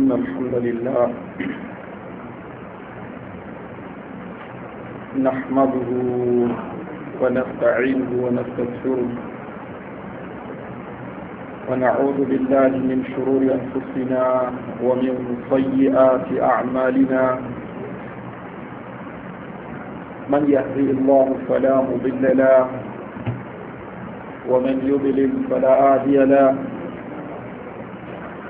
إن الحمد لله نحمده ونستعينه ونستغفره ونعوذ بالله من شرور أنفسنا ومن سيئات أعمالنا من يهدي الله فلا مضل له ومن يضلل فلا هادي له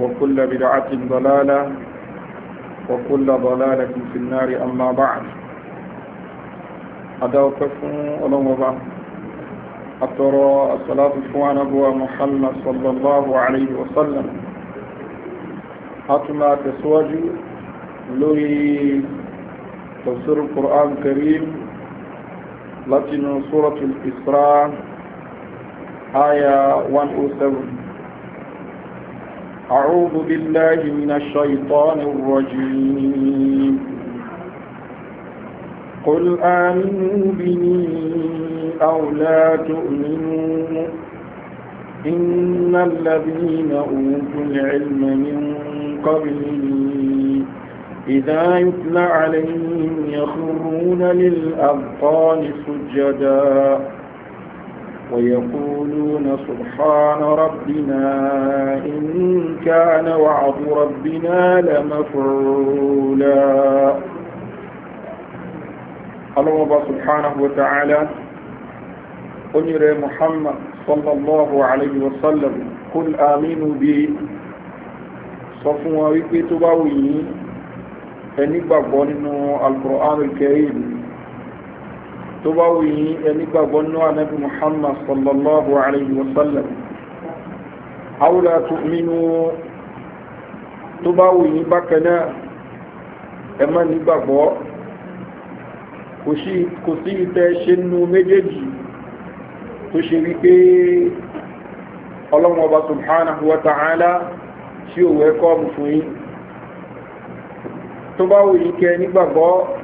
وكل بدعة ضلالة وكل ضلالة في النار أما بعد ولو مبا أترى الصلاة فوان أبو محمد صلى الله عليه وسلم أتما تسواج لوي تفسير القرآن الكريم لكن سورة الإسراء آية 107 أعوذ بالله من الشيطان الرجيم قل آمنوا به أو لا تؤمنوا إن الذين أوتوا العلم من قبله إذا يتلى عليهم يخرون للأبطال سجداً ويقولون سبحان ربنا إن كان وعد ربنا لمفعولا الله سبحانه وتعالى أمر محمد صلى الله عليه وسلم قل آمنوا بي صفوا ويكتبوا أني بابون القرآن الكريم tó bá wù yí ẹni gbàgbọ́ ní ànábì muhammad sallallahu alayhi wa sallam awla tu'minu tó bá wù yí bákan náà ẹ má ní gbàgbọ́ kò sí ìtẹ́ ṣe nú méjèèjì tó ṣe wípé ọlọ́run ọba subhanahu wa ta'ala tí òwe kọ́ mú fún yí tó bá wù yí kẹ nígbàgbọ́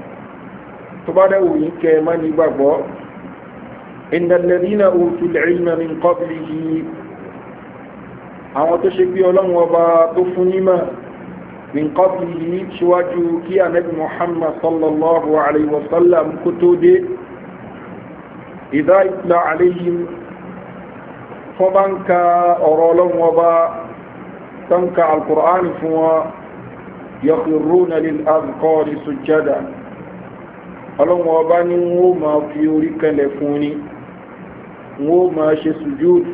tó bá dẹ̀ wòye kẹ má ní gbàgbọ́ ìdàlẹ́dínà òtù lẹ́yìn min kọ́bìlì yìí àwọn tó ṣe pé ọlọ́run ọba tó fún nímọ̀ min kọ́bìlì yìí ṣíwájú kí anabi muhammad sallallahu alayhi wa sallam kó tó dé ìdá ìtìlá àléyìn fọ́n bá ń ka ọ̀rọ̀ ọlọ́run ọba tó ń ka alkùránì fún wọn yọ̀kùrú na lil azkọ́ ní sujjada ọlọ́wọ́n ọba ní wọ́n máa fi orí kẹlẹ̀ fún ni wọ́n máa ṣe sùjúd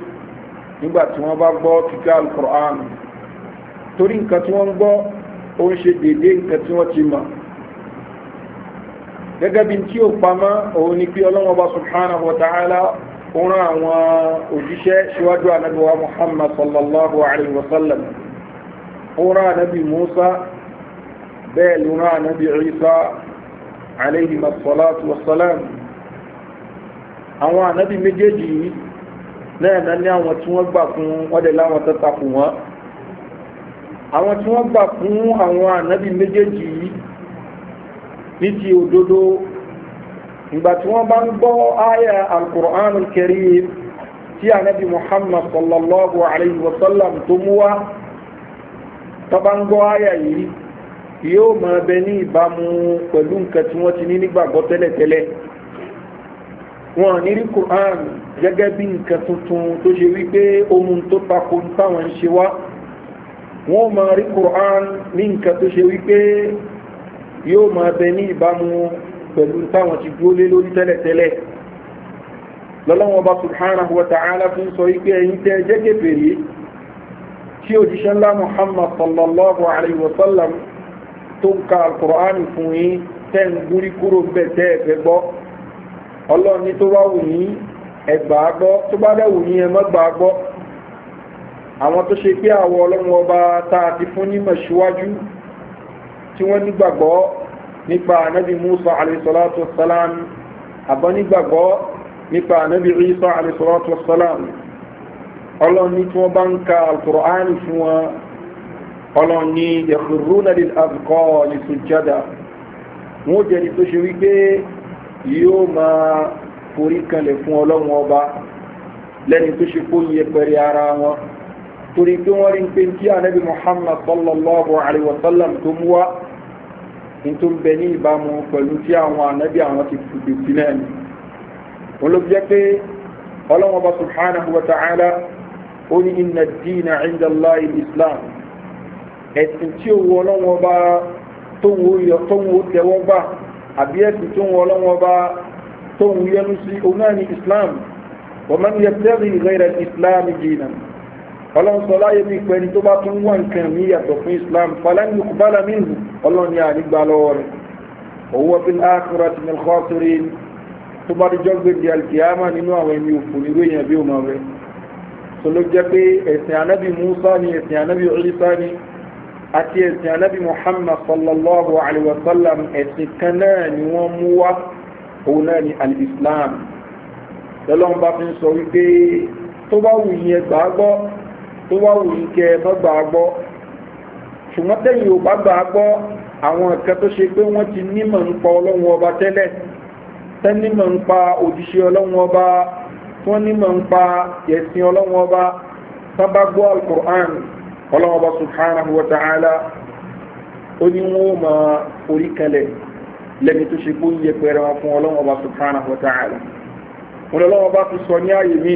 nígbà tí wọ́n bá gbọ́ kíkà alukur'an torí nǹkan tí wọ́n gbọ́ ó ń ṣe dédé nǹkan tí wọ́n ti mọ̀ gẹ́gẹ́ bí tí ó pamọ́ òun ni pé ọlọ́wọ́n ọba subhanahu wa ta'ala ó rán àwọn òjíṣẹ́ síwájú anábíwá muhammad sallallahu alayhi wa sallam ó rán anábì musa bẹ́ẹ̀ ló rán anábì isa aléyìí masalatu wasalam àwọn ànábì méjèèjì yìí náà náà ní àwọn tí wọ́n gbà fún wọ́n dẹ̀ láwọn tó takò wọ́n àwọn tí wọ́n gbà fún àwọn ànábì méjèèjì yìí ní ti òdodo ìgbà tí wọ́n bá ń gbọ́ àyà alkùrán kẹrìm tí ànábì muhammad sallallahu alayhi wa tó mú wá tó ń gbọ́ àyà yìí yóò máa bẹ ní ìbámu pẹ̀lú nǹkan tí wọ́n ti ní nígbàgbọ́ tẹ́lẹ̀tẹ́lẹ̀ wọn ní rí quran gẹ́gẹ́ bí nǹkan tuntun tó ṣe wípé ohun tó tako táwọn ń ṣe wá wọn máa rí quran ní nǹkan tó ṣe wípé yóò máa bẹ ní ìbámu pẹ̀lú táwọn ti dúró lé lórí tẹ́lẹ̀tẹ́lẹ̀ lọ́lọ́wọ́n bá subhanahu wa ta'ala fún sọ wípé ẹ̀yin tẹ́ jẹ́gẹ́ fèrè tí òjíṣẹ́ ńlá muhammad sallallahu alayhi wa sallam tó ń ka alukur'ani fún yín tẹ́ ń gúrí kúrò bẹ́ẹ̀ tẹ́ ẹ fẹ́ gbọ́ ọlọ́run ní tó bá wù yín ẹ gbà á gbọ́ tó bá dẹ̀ wù yín ẹ má gbà á gbọ́ àwọn tó ṣe pé àwọ ọlọ́run ọba tá a ti fún nímọ̀ síwájú tí wọ́n nígbàgbọ́ nípa ànábì musa alayhisalatu salam àbọ̀ nígbàgbọ́ nípa ànábì isa alayhisalatu salam ọlọ́run ní tí wọ́n bá ń ka alukur'ani fún wọn ọlọ́run ní yakhruna lil azqani sujada wọ́n jẹ́ni tó ṣe wípé yóò máa forí kanlẹ̀ fún ọlọ́run ọba lẹ́ni tó ṣe kó yẹpẹrẹ ara wọn torí pé wọ́n rí pé tí ànábì muhammad sallallahu alaihi wasallam tó mú wá ní tó ń bẹ ẹ̀sìn tí òun ọlọ́wọ́n bá tóun ó yọ tóun ó tẹ́wọ́ gbà àbí ẹ̀sìn tí òun ọlọ́wọ́n bá tóun yẹnu sí òun náà ní islam wọ́n yẹ fẹ́rì ìrẹ́rẹ́ islam jìnnà ọlọ́run sọ láyé mi pẹ́ni tó bá tún wọ́n nǹkan mi yàtọ̀ fún islam falẹ́ni kùbálà mi hù ọlọ́run ní àdígbà lọ́wọ́ rẹ̀ òun wọ́n fi ákùrọ̀ ti ní kọ́sìrì tó bá dijọ́ gbèdé alkiyama nínú àwọn ẹni òfò nírú èèyàn bí òun rẹ̀ sọ pé ẹ̀sìn anábì musa ni ẹ̀sìn anábì ọ̀rísá ni àti ẹ̀sìn anábì muhammad sallallahu alayhi wa sallam ẹ̀sìn kan náà ni wọ́n mú wá òun náà ni al-islam lọ́lọ́run bá fi ń sọ wípé tó bá wù yín ẹ gbàgbọ́ tó bá wù yín kẹ ẹ má gbàgbọ́ ṣùgbọ́n tẹ̀yìn ò bá gbàgbọ́ àwọn nǹkan tó ṣe pé wọ́n ti nímọ̀ ń pa ọlọ́run ọba tẹ́lẹ̀ tẹ́ nímọ̀ ń pa òjíṣẹ́ ọlọ́run ọba wọ́n nímọ̀ ń pa ẹ̀sìn ọlọ́run ọba tábàgbọ́ alukur'an ọlọ́wọ́ba subhanahu wa ta'ala ó ní wọ́n ma orí kalẹ̀ lẹ́ni tó ṣe kún yẹ pẹ̀rẹ̀ wọn fún ọlọ́wọ́ba subhanahu wa ta'ala wọn lọ́wọ́ba ti sọ ní ààyè mi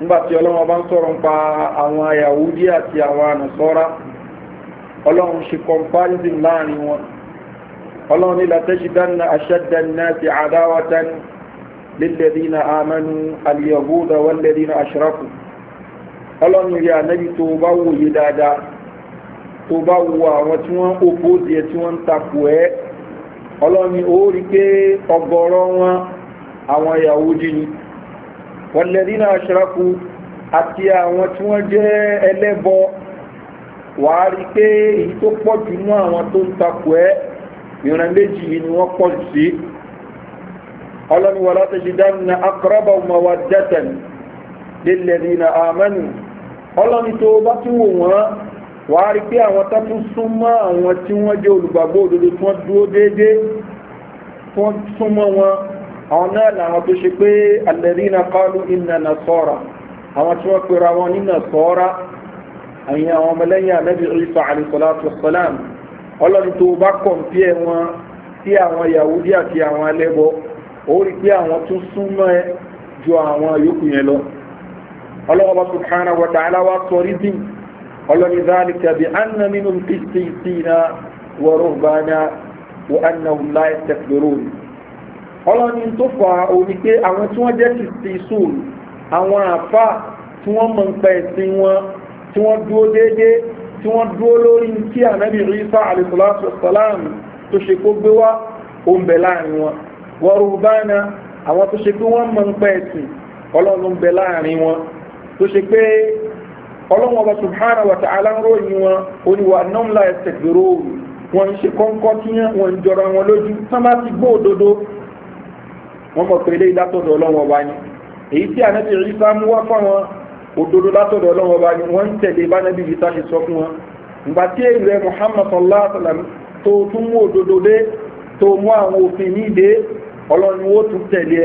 nígbà tí ọlọ́wọ́ba ń sọ̀rọ̀ nípa àwọn yahudi àti àwọn ànàsọ́ra ọlọ́run ṣe comparison láàrin wọn ọlọ́run ní látẹ́ṣidáná aṣẹ́dẹ́ná ti àdáwátán lílẹ̀dínà àmẹ́nu al-yahuda wal-ladina ọlọ́run rí ànábì tó bá wòye dáadáa tó bá wo àwọn tí wọ́n òpó díẹ̀ tí wọ́n ń takò ẹ́ ọlọ́run ó rí pé ọgọ́rọ́ wọn àwọn yahudi ni wọlẹ́dínà aṣọ́rakú àti àwọn tí wọ́n jẹ́ ẹlẹ́bọ wàá rí pé èyí tó pọ̀ jù mọ́ àwọn tó ń takò ẹ́ ìran méjì yìí ni wọ́n pọ̀ jù sí ọlọ́run wà látẹ̀jì dáná akọ́rọ́bà ọmọ wa dẹ́tẹ̀ lẹ́lẹ́dínà àmánù ọlọ́ni tó bá tún wò wọ́n wàá rí pé àwọn tó tún súnmọ́ àwọn tí wọ́n jẹ́ olùgbàgbọ́ òdodo tí wọ́n dúró déédéé tí wọ́n súnmọ́ wọn àwọn náà làwọn tó ṣe pé alẹ́rìnà kọ́lù iná nà sọ́ra àwọn tí wọ́n pera wọn nínà sọ́ra àyìn àwọn ọmọlẹ́yìn alẹ́bí ìsọ àlùsọ̀láàtù sọ́lám ọlọ́ni tó bá kọ̀m̀pìẹ̀ wọn sí àwọn yahudi àti àwọn alẹ́bọ ó rí pé àwọn tún súnmọ́ ẹ ju àwọn yòókù yẹn lọ ọlọ́wọ́ subhanahu wa ta'ala wa sọrí dín ọlọ́ni zálika bí anna minum qissina wa ruhbana wa annahum la yastakbirun ọlọ́ni tó fa òní pé àwọn tí wọ́n jẹ́ qissun àwọn àfa tí wọ́n mọ̀ ń pa ẹ̀sìn wọn tí wọ́n dúró déédéé tí wọ́n dúró lórí kí ànábì Ìsá alayhi salatu tó ṣe kó gbé wá oúnbẹ̀ láàrin wọn wa ruhbana àwọn tó ṣe pé wọ́n mọ̀ ń pa ẹ̀sìn ọlọ́run bẹ láàrin wọn tó ṣe pé ọlọ́wọ́n ọba subhanahu wa ta'ala ń ròyìn wọn oníwà nọ́mla ẹsẹ̀ gbèrò wọn ń ṣe kọ́ńkọ́ tí wọn ń jọra wọn lójú tán bá ti gbó wọn mọ̀ pé eléyìí látọ̀dọ̀ ọlọ́wọ́n ọba ni èyí tí ànábì Ìsá mú wá fáwọn òdodo látọ̀dọ̀ ọlọ́wọ́n ọba ni wọ́n ń tẹ̀lé salam sọ fún wọn ìgbà tí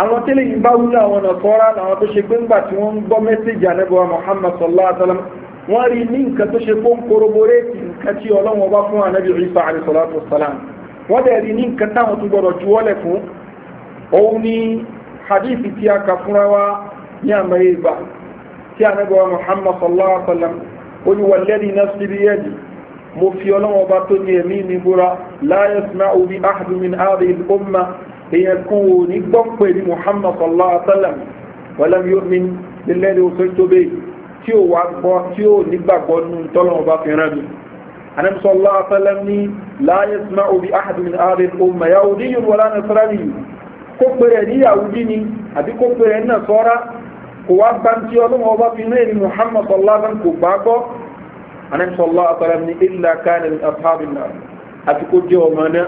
àwọn tẹ́lẹ̀ yìí bá wúlò àwọn ọ̀nà tọ́ra làwọn tó ṣe pé ńgbà tí wọ́n ń gbọ́ mẹ́sẹ̀jì ànẹ́bọ̀wá muhammad sallallahu alaihi wa sallam wọ́n rí ní nǹkan tó ṣe fún koroboréètì nǹkan tí ọlọ́wọ́n bá fún ànẹ́bì ìfà àrísọ̀látò salam wọ́n dẹ̀ rí ní nǹkan táwọn tó gbọ́dọ̀ ju wọ́lẹ̀ fún òun ni hadith tí a kà fúnra wa ní àmàyé ìgbà tí ànẹ́bọ̀wá muhammad sallallahu ó ní wàlẹ́rì náà sí yẹ́dì mo fi ọlọ́wọ́n bá tó ní ẹ̀mí mi búra láyé èèyàn kan ò ní gbọ́ pé ní muhammad sallallahu alaihi wa sallam walam yu'min billahi ursiltu bihi tí ò wá gbọ́ tí ò nígbàgbọ́ nù tọ́lọ́ ọba fi rán mi anabi sallallahu alaihi wa sallam ní la yasma'u bi ahadin min ahadin umma yahudiyyun wala nasraniyyun kó pèrè ní yahudi ni àbí kó pèrè ní nasara kò wá gbá tí ọlọ́run ọba fi rán ní muhammad sallallahu kò gbá gbọ́ anabi sallallahu ní illa kana min àti kó jẹ́ ọmọ náà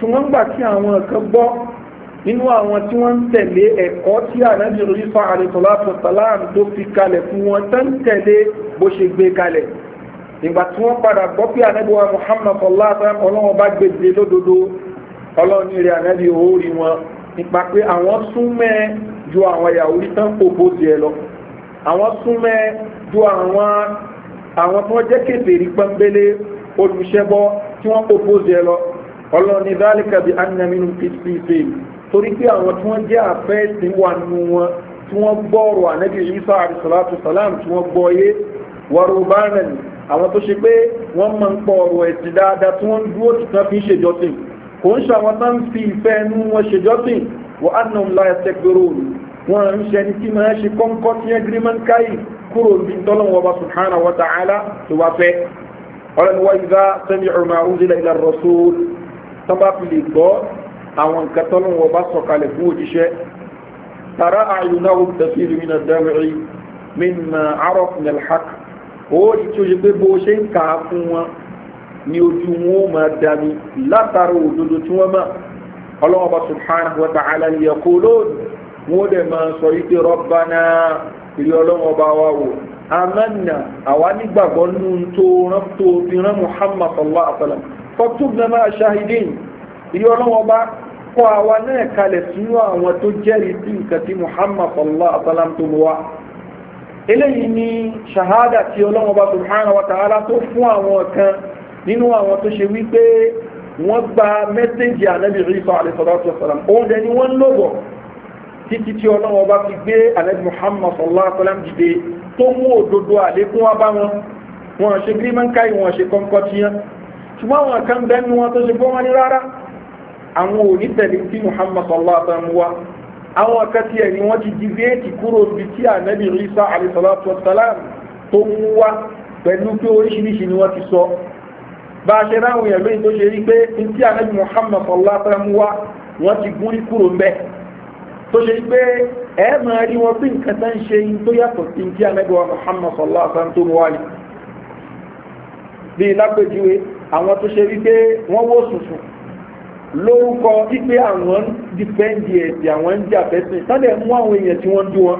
ṣùgbọ́n gbà tí àwọn kan gbọ́ nínú àwọn tí wọ́n ń tẹ̀lé ẹ̀kọ́ tí ànábì orí fa àrètọ́látọ̀ tàláàmù tó fi kalẹ̀ fún wọn tán tẹ̀lé bó ṣe gbé kalẹ̀ ìgbà tí wọ́n padà gbọ́ pé ànábì wa muhammad ọlọ́run ọlọ́run bá gbèdé lódodo ọlọ́run rẹ̀ ànábì orí wọn nípa pé àwọn súnmẹ́ ju àwọn yahoo tán kò bó tiẹ̀ lọ àwọn súnmẹ́ ju àwọn tí wọ́n jẹ́ kéde rí pọ́nbélé olùṣẹ́bọ tí wọ́n kò bó tiẹ̀ lọ ọlọ́run ní dálíkà bí anamínú pípípé torí pé àwọn tí wọ́n jẹ́ àfẹ́ẹ̀sì wà nù wọn tí wọ́n gbọ́ọ̀rọ̀ ànábì isa àrísàlátù sàlám tí wọ́n gbọ́ yé wàrúbárẹ̀ àwọn tó ṣe pé wọ́n máa ń pọ̀ ọ̀rọ̀ ẹ̀sìn dáadáa tí wọ́n dúró tí wọ́n fi ń ṣèjọ́sìn kò ń ṣàwọn tán fi ìfẹ́ ẹnu wọn ṣèjọ́sìn wọ́n á nà ṣe ẹni tán bá fi lè gbọ́ àwọn nǹkan tọ́lọ́wọ́ bá sọ̀kalẹ̀ fún òjíṣẹ́ tara àyùnà òun tẹ̀sí ìlú iná dẹ́rẹ̀ mímọ̀ arọ́f nelhak ó rí tí ó ṣe pé bó ṣe ń kà á fún wọn ni ojú wọn ó máa dami látara òdodo tí wọ́n mọ̀ ọlọ́wọ́ subhanahu wa ta'ala ni ẹ̀kọ́ lóòdù wọn ó dẹ̀ máa sọ yìí pé rọ́bà náà ìrí wò amanna àwa nígbàgbọ́ nínú tó rán tó fi rán muhammad sallallahu alaihi wa sallam fọ́túbùnà máa ṣàhìdín ìyá ọlọ́wọ́ bá kọ́ àwa náà kalẹ̀ sínú àwọn tó jẹ́rìí sí nǹkan tí muhammad sallallahu alaihi wa sallam tó wá eléyìí ni ṣahada tí ọlọ́wọ́ bá subhanahu wa ta'ala tó fún àwọn kan nínú àwọn tó ṣe wípé wọ́n gba mẹ́sẹ̀jì ànábì ríṣọ́ àlẹ́sọ̀lọ́sọ̀lọ́m oúnjẹ ni wọ́n ń títí tí ọlọ́wọ́ bá fi gbé ànábì muhammad sọ̀lọ́sọ̀lọ́m dìde tó mú òdodo àlékún wá bá wọn wọn ṣe gírímọ̀ káyì wọn ṣe kọ́ńkọ́ tiyan ṣùgbọ́n àwọn kan bẹ́nu wọn tó ṣe fún wọn ní rárá àwọn ò ní tẹ̀lé tí muhammad sallallahu alaihi wasallam wa àwọn akẹ́tì ẹ̀ ni wọ́n ti di déètì kúrò bí tí ànábì isa alayhisalatu wasalam tó ń wá pẹ̀lú pé oríṣiríṣi ni wọ́n ti sọ bá a ṣe ráhùn yẹn lóyìn tó ṣe rí pé tí ànábì muhammad sallallahu alaihi wa wọ́n ti gún rí kúrò mbẹ́ tó ṣe rí pé ẹ máa rí wọn pé nǹkan tá ń ṣe yín tó yàtọ̀ sí tí muhammad sallallahu alaihi wasallam tó ń ni bí lápèjúwe àwọn tó ṣe wípé wọ́n wó sùsùn lórúkọ wípé àwọn ń dìpẹ́ǹdì ẹ̀sìn àwọn ń jà fẹ́sìn sọ́dẹ̀ mú àwọn èèyàn tí wọ́n dú wọn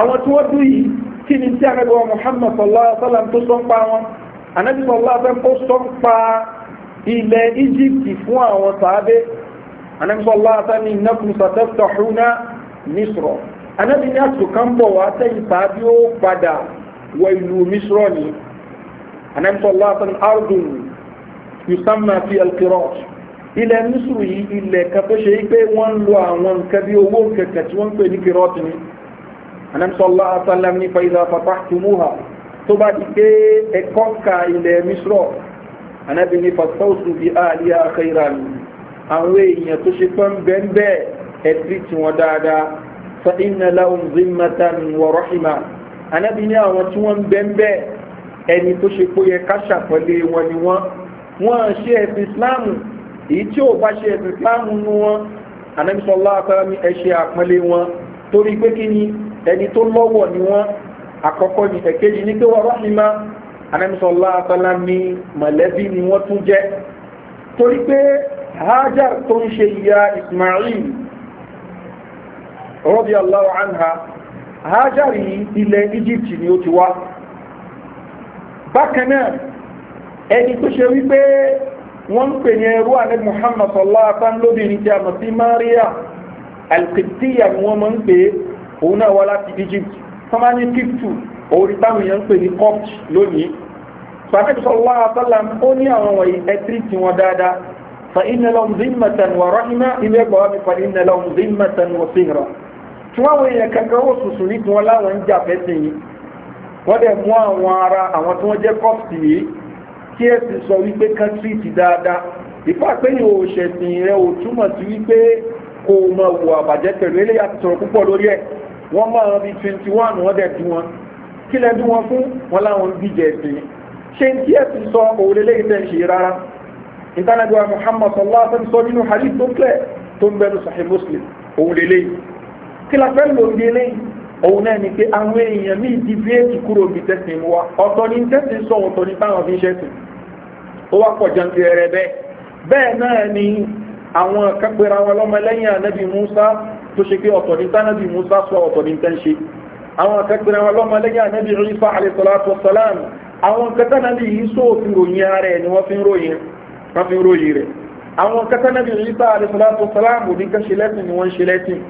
àwọn tí wọ́n dú yìí kí ni tí àrẹ́gbẹ́ wa muhammad sallallahu alaihi tó sọ ń pa wọn ànábì sallallahu alaihi kó sọ ń pa ilẹ̀ egypt fún àwọn sàábé ànábì sallallahu alaihi wasallam innakum sataftahuna misra ànábì ní àsùkàn bọ̀ wá sẹ́yìn sàábé ó padà wọ ìlú misra ni anẹ́sọ̀ láàtàn ardùn yusamma fi alkirot ilẹ̀ mísùrù yìí ilẹ̀ kan tó ṣe yí pé wọ́n ń lo àwọn nǹkan bí owó kẹ̀kẹ́ tí wọ́n ń pè ní kirot ni anẹ́sọ̀ láàtàn lẹ́m nípa ilẹ̀ afafá tìmúhà tó bá ti pé ẹ̀kọ́ ka ilẹ̀ mísùrù anẹ́bí ní fasitọ́sù bí àlíyá àkẹ́yìrà mi àwọn èèyàn tó ṣe pọ́n bẹ́ẹ̀ ẹ̀tí tí wọ́n fa inna lahum zimmatan wa rahima anẹ́bí ní àwọn tí wọ́n ẹni tó ṣe pé yẹ ká ṣàpọ́lé wọn ni wọ́n wọ́n ṣe ẹ̀sìn islamu èyí tí ò bá ṣe ẹ̀sìn islamu nu wọn anamisọ́lá akọ́lá ní ẹṣẹ́ àpọ́lé wọn torí pé kí ni ẹni tó lọ́wọ̀ ni wọ́n àkọ́kọ́ ni ẹ̀kejì ní pé wọ́n rọ́ọ̀nìmá anamisọ́lá akọ́lá ní mọ̀lẹ́bí ni wọ́n tún jẹ́ torí pé hajar tó ń ṣe ìyá ismail rọ́bì aláwọ̀ anha hajar yìí ilẹ̀ egypt ni ó ti wá bákan náà ẹni tó ṣe wípé wọ́n ń pè ní ẹrú àní muhammad sallallahu alaihi wa sallam lóbìnrin tí a mọ̀ sí maria alkitiya ni wọ́n máa ń pè òun náà wá láti egypt sọmánì kíktù orí táwọn èèyàn ń pè ní copt lónìí sàkẹ́tù sallallahu alaihi ó ní àwọn wọ̀nyí ẹtírí tí wọ́n dáadáa fa inna lahum zimmatan wa rahima ilé ẹgbàá mi fa inna lahum zimmatan wa sihra tí wọ́n wọ èèyàn kankan ó sùsù ní tí wọ́n láwọn ń jà fẹ́ sẹ́yìn wọ́n dẹ̀ mú àwọn ara àwọn tí wọ́n jẹ́ kọ́ọ̀sì yìí kí ẹ̀sìn sọ wípé kọ́ńtírìtì dáadáa ìfá pé ìwò òṣèṣìn rẹ ò túmọ̀ sí wípé kò mọ̀ wò àbàjẹ́ pẹ̀lú eléyà ti sọ̀rọ̀ púpọ̀ lórí ẹ̀ wọ́n mọ̀ ọ́n bí twenty one wọ́n dẹ̀ dún wọn kí lẹ́ dún wọn fún wọn láwọn ń bíjẹ̀ ẹ̀sìn ṣé n tí ẹ̀sìn sọ òwúrẹ́ lẹ́yìn tẹ̀ ń ṣe rárá ìtànàgbà Muhammad sallallahu alaihi wasallam nínú hadith tó ń bẹnu Sahih Muslim òwúrẹ́ lẹ́yìn òun náà ni pé àwọn èèyàn míì di bíéèkì kúrò bí tẹ́sìn wa ọ̀tọ̀ ni tẹ́sìn sọ ọ̀tọ̀ ni táwọn fi ń ṣẹ́sìn ó wá pọ̀ jẹun ti rẹ̀ bẹ́ẹ̀ bẹ́ẹ̀ náà ni àwọn kápẹ́ra wọn lọ́mọ lẹ́yìn ànábì Musa tó ṣe pé ọ̀tọ̀ ni tánábì Musa sọ ọ̀tọ̀ ni tẹ́ ń ṣe àwọn kápẹ́ra wọn lọ́mọ lẹ́yìn ànábì Isa alayhi salatu àwọn kátánàbì yìí sóòfin ròyìn ara ẹ̀ ni wọ́n fi ń ròyìn rẹ̀ àwọn kátánàbì Isa alayhi salatu wassalam ṣe lẹ́sìn ni wọ́n ṣe lẹ́sìn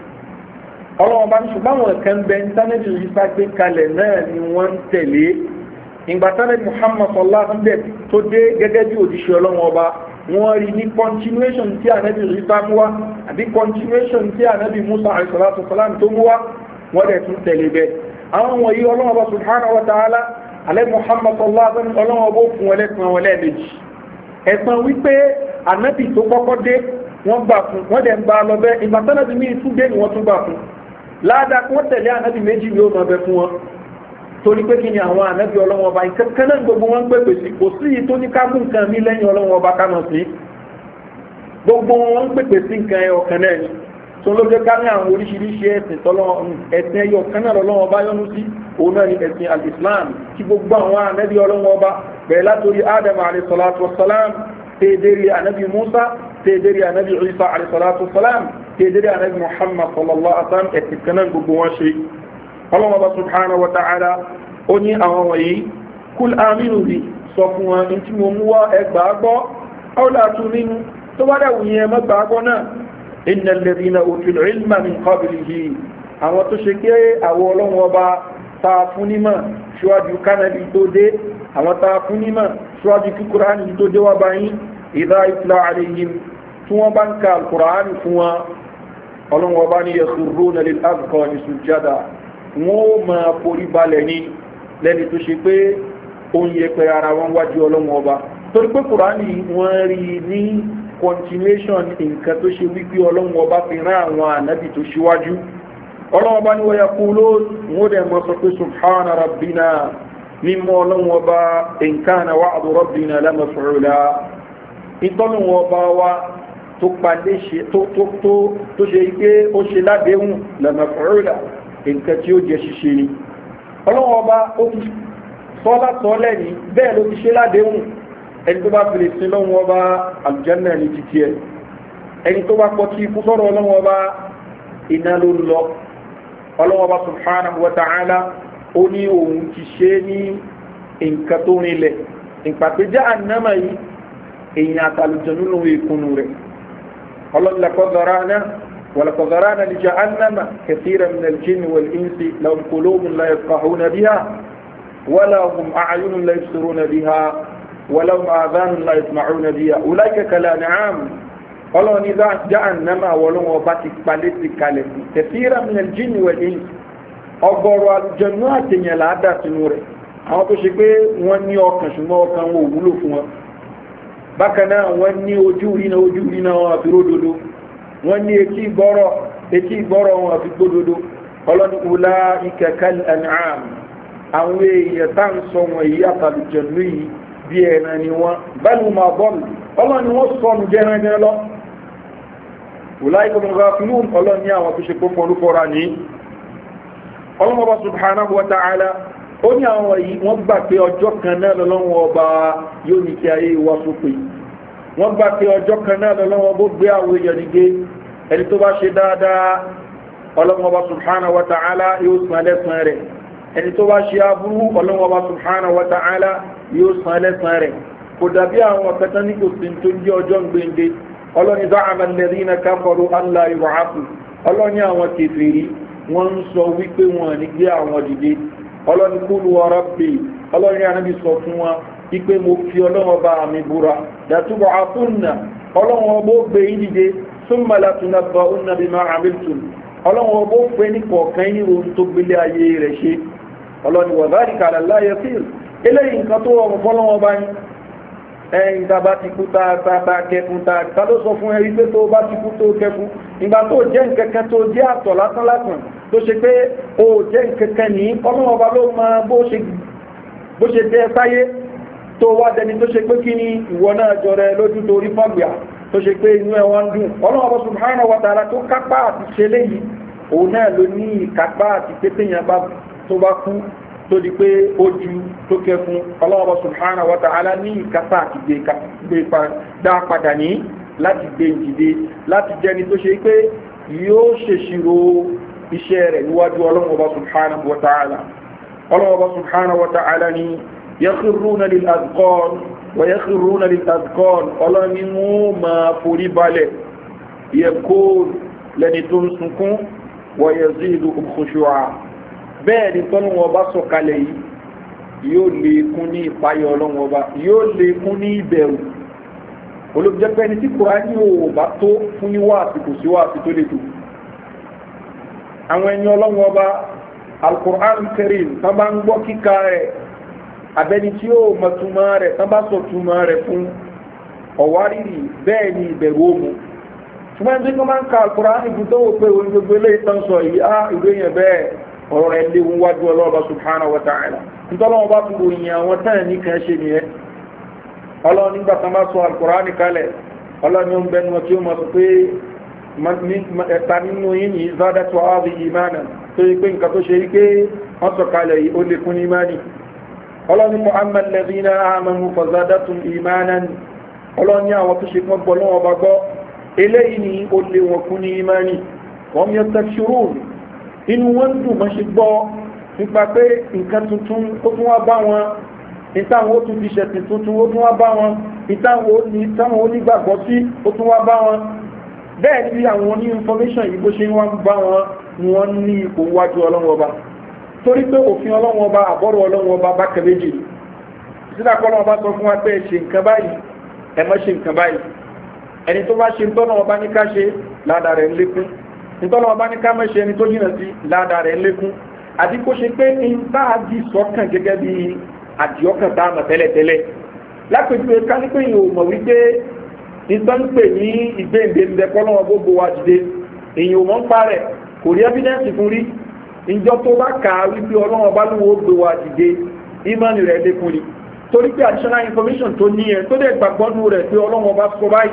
ọlọ́wọ́n bá ní ṣùgbọ́n àwọn ẹ̀kẹ́ ń bẹ íńtánẹ́ẹ̀tì yípa gbé kalẹ̀ náà ni wọ́n ń tẹ̀lé ìgbà tánẹ̀ Muhammad sọlá ńbẹ tó dé gẹ́gẹ́ bí òjíṣẹ́ ọlọ́wọ́n ọba wọ́n rí ní continuation tí ànábì yípa mú wá àbí continuation tí ànábì Musa àìsàlátù sọlám tó mú wá wọ́n dẹ̀ tún tẹ̀lé bẹ́ẹ̀ àwọn wọ̀nyí ọlọ́wọ́n ọba subhanahu wa ta'ala alẹ́ Muhammad sọlá ọlọ́wọ́n ọba ó fún wọn lẹ́sàn wọn lẹ́ẹ̀mejì ẹ̀sán wípé ànábì tó kọ́kọ́ dé wọ́n gbà fún wọ́n dẹ̀ ń gbà lọ bẹ́ẹ̀ ìgbà tánẹ̀ bí tún dé ni wọ́n tún gbà fún ládàkún tẹ̀lé ànábì méjì yóò máa bẹ fún wọn torí pé kí ni àwọn ànábì ọlọ́wọ́ ọba ìkankan náà gbogbo wọn ń pèpè sí kò sí tó ní ká gún nǹkan mi lẹ́yìn ọlọ́wọ́ ọba kánà sí gbogbo wọn ń pèpè nǹkan ẹ ọ̀kan náà ni tó ló jẹ́ ká ní àwọn oríṣiríṣi ẹ̀sìn ẹ̀sìn ẹyọ kan náà lọ́wọ́ ọba yọ́nú sí òun náà ni ẹ̀sìn al tí gbogbo àwọn ànábì ọlọ́wọ́ ọba bẹ̀rẹ̀ látòrí Adam alayhi salatu wa salam tẹ́ tẹ́ẹ̀dẹ́rì ànábì Ìsá àrísàlátù sàlám tẹ́ẹ̀dẹ́rì ànábì Muhammad sallallahu alaihi wasallam ẹ̀sìn kan náà gbogbo wọn ṣe ọlọ́wọ́ bá subhanahu wa ta'ala ó ní àwọn wọ̀nyí kúl aminu bi sọ fún wọn ní tí mo mú wá ẹgbàá gbọ́ ọ̀là tún nínú tó bá dàwù yẹn mẹ́gbàá gbọ́ náà innal ladhina utul ilma min qablihi àwọn tó ṣe kéré àwọn ọlọ́wọ́ bá taa fún nímọ̀ ṣíwájú kánàbí tó dé àwọn taa fún nímọ̀ ṣíwájú kí Kùránì tó dé wá báyìí idha yutla alayhim tí wọ́n bá ń ka alukur'an fún wa ọlọ́wọ́n bá ní yẹ̀sùrú na lè lábùkọ́ ní sùjádà wọ́n ó máa forí balẹ̀ ní lẹ́ni tó ṣe pé òun yẹ ara wọn wájú ọlọ́wọ́n ọba torí pé kur'an wọ́n rí ní continuation nǹkan tó ṣe wípé ọlọ́wọ́n ọba fi rán àwọn ànábì tó ṣíwájú ọlọ́wọ́n bá ní wọ́n kú lóòrùn wọ́n dẹ̀ mọ́ sọ pé subhana rabbina mímọ́ ọlọ́wọ́n ọba nǹkan àwọn àdúrà rabbina lámọ̀ fẹ́rẹ̀ tó padé ṣe tó tó tó tó ṣe pé ó ṣe lábẹ́hùn lọ́nà fọ́rọ́là nǹkan tí ó jẹ ṣíṣe ni ọlọ́wọ́ ọba ó ti sọ látọ̀ lẹ́ni bẹ́ẹ̀ ló ti ṣe lábẹ́hùn ẹni tó bá fi lè sin lọ́wọ́ ọba àlùjánà ní títí ẹ ẹni yìí èèyàn àtàlùjọ nínú ìkùnú rẹ̀ ọlọ́run lakọ́dọ̀rọ̀ àná wàlàkọ̀dọ̀rọ̀ àná lè jẹ́ annama kẹsìrẹ̀ minal jinn wal insi lahum qulubun la yafqahuna biha wa lahum a'yunun la yubsiruna biha wa lahum adhanun la yasma'una biha ulaika kal'an'am ọlọ́run ní jahannama wọlọ́wọ́ bá ti palẹ́ ti kalẹ̀ fún kẹsìrẹ̀ minal jinn wal insi ọgọ́rọ̀ àlùjànnú àtẹ̀yẹ̀lá dà sínú rẹ̀ àwọn tó ṣe pé wọ́n ní ọkàn ṣùgbọ́n ọkàn wọn ò wúlò wọn bakana wọ́n ní ojú na ojú rína wọn àfi ródodo wọ́n ní etí ìgbọ́rọ̀ wọn àfi gbódodo ọlọ́ni wùlá ìkẹ̀kẹ́ ẹ̀nàm àwọn èèyàn tá ń sọ wọn yìí àtàlùjẹ̀lú yìí bí ẹ̀ràn ni wọn bẹ́ẹ̀ni wọn bọ́ọ̀lù ọlọ́ni lọ wùlá ìkọ̀mọ̀gá fúnú ọlọ́ni àwọn tó ṣe pé fọ́nrúfọ́ra ní ọlọ́mọba subhanahu ó ní àwọn yìí wọ́n gbà pé ọjọ́ kan náà lọ́lọ́wọ́ ọba yóò ní kí ayé wa sópè wọ́n gbà pé ọjọ́ kan náà lọ́lọ́wọ́ bó gbé àwọn èèyàn nìgbé ẹni tó bá ṣe dáadáa ọlọ́wọ́ba subhana wa ta'ala yóò san lẹ́san rẹ̀ ẹni tó bá ṣe aburú ọlọ́wọ́ba subhana wa ta'ala yóò san lẹ́san rẹ̀ kò dàbí àwọn ọ̀kẹta ní kò tó ń jẹ́ ọjọ́ gbèǹde ọlọ́ni dáhàmà lẹ́rìnà ọlọ́ni kúlù ọ̀rọ̀ pé ọlọ́rin anábì sọ fún wa ipé mo fi ọlọ́wọ́ bá mi búra dàtúbọ̀ àfúnnà ọlọ́wọ́ bó gbé ìdíje súnmọ̀lá tún bá ọ̀nà bí máa àmìtùn ọlọ́wọ́ bó pé ní kọ̀ọ̀kan ìrò tó gbélé ayé rẹ̀ ṣe ọlọ́ni wà bá ẹ̀yìn tàbá ti kú tàbá kẹkùn tàbá ló sọ fún ẹ̀rí pé tó bá ti kú tó kẹkùn ìgbà tó jẹ́ nkẹ̀kẹ́ tó jẹ́ àtọ̀ lásán lásán tó ṣe pé o jẹ́ nkẹ̀kẹ́ ní ọlọ́mọba ló máa bó ṣe dẹ́ sáyé tó wá dẹni tó ṣe pé kí ni ìwọ náà jọrẹ lójú torí fọ́gbìà tó ṣe pé inú ẹ̀ wọ́n dùn ọlọ́mọba subhanahu wa tó kápá àti ṣe léyìí òun náà ló ní ìkápá àti pé téèyàn bá tó bá kú tó di pé ojú tó kẹ fún ọlọ́wọ́ subhanahu wa ta'ala ní ìkásá àti gbé dá padà ní láti gbé ìdìde láti jẹni tó ṣe pé yóò ṣèṣirò iṣẹ́ rẹ̀ níwájú ọlọ́wọ́ subhanahu wa ta'ala ọlọ́wọ́ subhanahu wa ta'ala ní yakhiruna lil azqan wa yakhiruna lil azqan ọlọ́ni máa forí balẹ̀ yẹ kó lẹni tó ń sunkún wa yazidu khushu'a bẹ́ẹ̀ ni tọ́lọ́wọ́n ọba sọ̀kalẹ̀ yìí yóò lè kún ní ìpayọ̀ ọlọ́wọ́n ọba yóò lè kún ní ìbẹ̀rù olùjẹ́ ni tí kùránì ò bá tó fún ní wáàsì kò sí wáàsì tó lè tó àwọn ẹni ọlọ́wọ́n ọba alukur'an ma tán bá ń gbọ́ kíka rẹ̀ abẹ́ni tí ó mọ túmọ̀ rẹ̀ tán bá sọ túmọ̀ rẹ̀ fún ọ̀wárìrì bẹ́ẹ̀ ni ìbẹ̀rù òmù ṣùgbọ́n ọ̀rọ̀ rẹ̀ léwu wájú ọlọ́ọ̀bá subhanahu wa ta'ala nítọ́lọ́wọ́ bá fún ròyìn àwọn táyà ní kan ṣe nìyẹn ọlọ́ọ̀ nígbà tán bá sọ alkùránì kalẹ̀ ọlọ́ọ̀ ni ó ń bẹnu ọtí ó mọ̀ sọ pé ẹ̀ta nínú yín ní zádà tó áàbì ìmánà tó yí pé nǹkan tó ṣe yí pé wọ́n sọ kalẹ̀ yìí ó lè kún ìmánì ọlọ́ọ̀ni muhammad lẹ́bí náà àmàmù fọ̀zádà tún ìmánà ni àwọn tó ṣe kán gbọ́ lọ́wọ́ bá gbọ́ eléyìí ni ó lè wọ̀n kún ìmánì wọ́n mi ọ́ tẹ́ṣurú inú wọn ń dùn wọ́n ṣe gbọ́ nípa pé nǹkan tuntun ó tún wá bá wọn ìtàwọn ó tún fi ṣẹ̀sìn tuntun ó tún wá bá wọn ìtàwọn onígbàgbọ́ sí ó tún wá bá wọn bẹ́ẹ̀ tí àwọn oní information yìí bó ṣe wá ń bá wọn ni wọ́n ní ipò wájú ọlọ́run ọba torí pé òfin ọlọ́run ọba àbọ̀rọ̀ ọlọ́run ọba bá kẹ̀lẹ́jì sídà kọ́ ọlọ́run ọba sọ fún wa pé ẹ ṣe nǹkan báyìí ẹ má ṣe nǹkan báyìí ẹni tó bá ṣe ń tọ́nà ọba ní nítọ́lọ́ ọba ní ká mọ́ ṣe ẹni tó jìnà sí ládàá rẹ̀ lékún àti kó ṣe pé ní bá a di sọ́kàn gẹ́gẹ́ bí àdìọ́kàn tá a mọ̀ tẹ́lẹ̀tẹ́lẹ̀ lápèjúwe ká ní pé yìí ò mọ̀ wípé nítọ́ ń pè ní ìgbéǹde ń kọ́lọ́ wọn gbogbo wa dìde èyí ò mọ̀ ń parẹ̀ kò rí ẹ́fídẹ́ǹsì fún rí ìjọ tó bá kà á wípé ọlọ́run ọba ló wọ́n gbé wa dìde ìmọ̀nì rẹ̀ lékún ni torí pé additional information tó ní ẹ tó dẹ̀ gbàgbọ́nù rẹ̀ pé ọlọ́run ọba sọ báyìí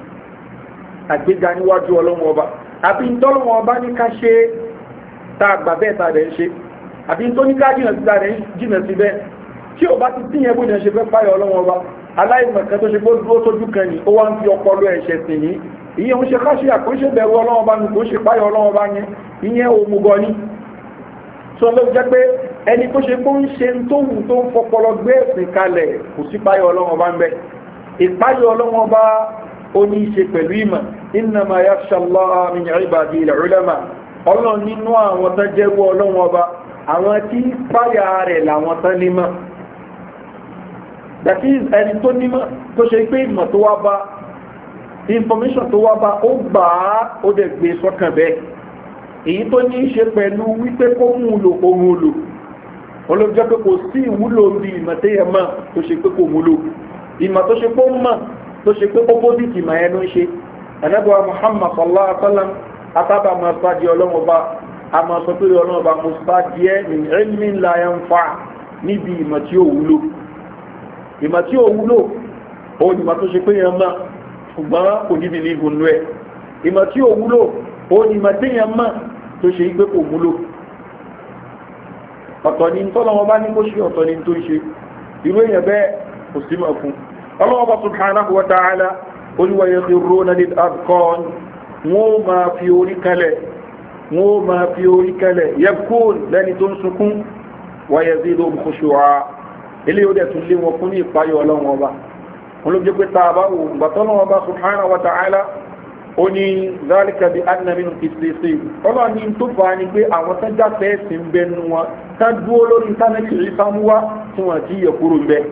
àgbéga níwájú ọlọ́wọ́ ọba àbí ntọ́lọ́wọ́ ọba ní ká ṣe tá a gbà bẹ́ẹ̀ tá a rẹ̀ ń ṣe àbí ntọ́ ní ká jìnà sí tá a rẹ̀ ń jìnà sí bẹ́ẹ̀ tí ò bá ti tíyẹn bó ní ẹ̀ṣẹ̀ fẹ́ páyọ̀ ọlọ́wọ́ ọba aláìmọ̀kan tó ṣe bó dúró sójú kan ní ó wá ń fi ọpọlọ ẹ̀ṣẹ̀ sìn ní ìyẹn ń ṣe káṣíyà kó ṣe bẹ̀rù ọlọ́wọ́ bá ni tó ló jẹ́ pé ẹni tó ṣe kó ń ṣe tó wù tó ń fọpọlọ gbé ẹ̀sìn kalẹ̀ páyọ̀ ọlọ́wọ́ bá ó ní í ṣe pẹ̀lú ìmọ̀ innama yakhsha Allaha min ibadil ulama ọlọ́run nínú àwọn tán jẹ́wọ́ ọlọ́run ọba àwọn tí páyà rẹ̀ làwọn tán nímọ̀ that is ẹni tó nímọ̀ tó ṣe pé ìmọ̀ tó wá bá information tó wá bá ó gbà á ó dẹ̀ gbé e sọ́kàn bẹ́ẹ̀ èyí tó ní í ṣe pẹ̀lú wípé kó mú un lò ohun olò olóòjọ́ pé kò sí ìwúlò bí ìmọ̀ téèyàn mọ̀ tó ṣe pé kò múlò ìmọ̀ tó ṣe pé ó mọ̀ tó ṣe pé opposite ìmọ̀ ẹnu ń ṣe ẹ̀nẹ́bọ̀ muhammad sallallahu alaihi sallam atábà máa sá di ọlọ́run ọba a máa sọ pé ọlọ́run ọba mo sá díẹ̀ ní ẹ̀mí ńlá ẹ̀ ń fà níbi ìmọ̀ tí ó wúlò ìmọ̀ tí ó wúlò òun ìmọ̀ tó ṣe pé yẹn mọ̀ ṣùgbọ́n kò níbi ní ìgbòǹdó ẹ̀ ìmọ̀ tí ó wúlò òun ìmọ̀ tí yẹn mọ̀ tó ṣe pé kò wúlò ọ̀tọ̀ ni tọ́lọ́wọ́ ní kó ṣe ọ̀tọ̀ ni tó ṣe ọlọ́ọ̀bọ̀ subhanahu wa ta'ala olúwa yakhirruna lil adqan wọ́n máa fi orí kalẹ̀ wọ́n máa fi orí kalẹ̀ yabkun lẹ́ni tó ń sunkún wa yaziduhum khushu'a ilé yóò dẹ̀ tún lé wọn fún ní ìpayọ̀ ọlọ́wọ́n ọba wọn ló jẹ́ pé tá a bá wò gbàtọ́lọ́wọ́n ọba subhanahu wa ta'ala ó ní zálìkà bí adnamínú ìsìsì ọlọ́ ní tó fà á ní pé àwọn tán jáfẹ́ ẹ̀sìn bẹnu wọn tán dúó lórí tánẹ́kì ìsámúwá tí wọ́n jíyẹ̀ kúrò bẹ́ẹ̀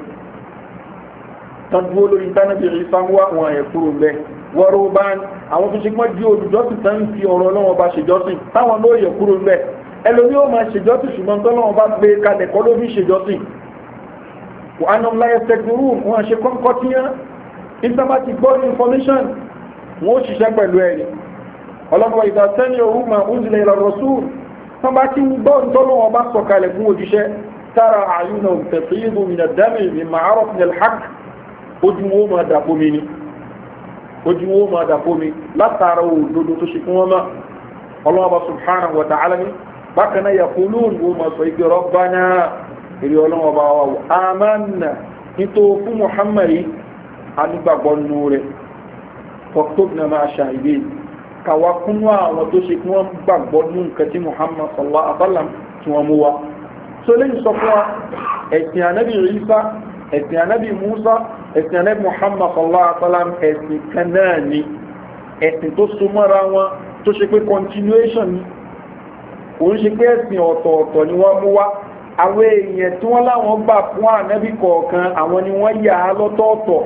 tọ́jú olórí tánàbí ìfà wá wọn ẹ̀ kúrò bẹ́ẹ̀ wọ́rọ̀ bá àwọn tó ṣe mọ́ di olùjọ́sìn tán ń fi ọ̀rọ̀ náà bá ṣèjọ́sìn táwọn ló yẹ kúrò bẹ́ẹ̀ ẹlòmí ó máa ṣèjọ́sìn ṣùgbọ́n tọ́lọ́wọ́n bá gbé kalẹ̀ kọ́ ló fi ṣèjọ́sìn wọ́n láyé tẹkùrú wọn ṣe kọ́ńkọ́ tí yán ìsámá ti gbọ́ information wọ́n ó ṣiṣẹ́ pẹ̀lú ẹ̀rí ọlọ́pàá ìdásẹ́ni òun máa ń zilẹ̀ ìlọ̀rọ̀ sùúrù tán bá ti ń gbọ́ tọ́lọ́wọ́n bá sọ̀kalẹ̀ fún òjíṣẹ́ tára àyùnà tẹ̀síyìnbó mìnà ojú wọn máa dàpọ̀ mi ni ojú wọn máa dàpọ̀ mi látara òdodo tó ṣe fún wọn mọ́ ọlọ́wọ́ subhanahu wa ta'ala ni bákan náà yaqulun wọn máa sọ ike rabbana èrè ọlọ́wọ́ bá wà wò amanna nítorí fún muhammad yìí anígbàgbọ́ nù rẹ̀ faktubna ma'a shahidin kàwá kúnú àwọn tó ṣe kí wọ́n gbàgbọ́ nù nǹkan tí muhammad sallallahu alaihi tí wọ́n mú wa. sọ lẹ́yìn sọ fún wa ẹ̀sìn ànábì Ìsá ẹ̀sìn anábì musa ẹ̀sìn anábì muhammad sallallahu alaihi wa sallam ẹ̀sìn kan náà ni ẹ̀sìn tó súnmọ́ra wọn tó ṣe pé continuation ni òun ṣe pé ẹ̀sìn ọ̀tọ̀ọ̀tọ̀ ni wọ́n mú wá àwọn èèyàn tí wọ́n láwọn gbà fún ànábì kọ̀ọ̀kan àwọn ni wọ́n yà á lọ́tọ̀ọ̀tọ̀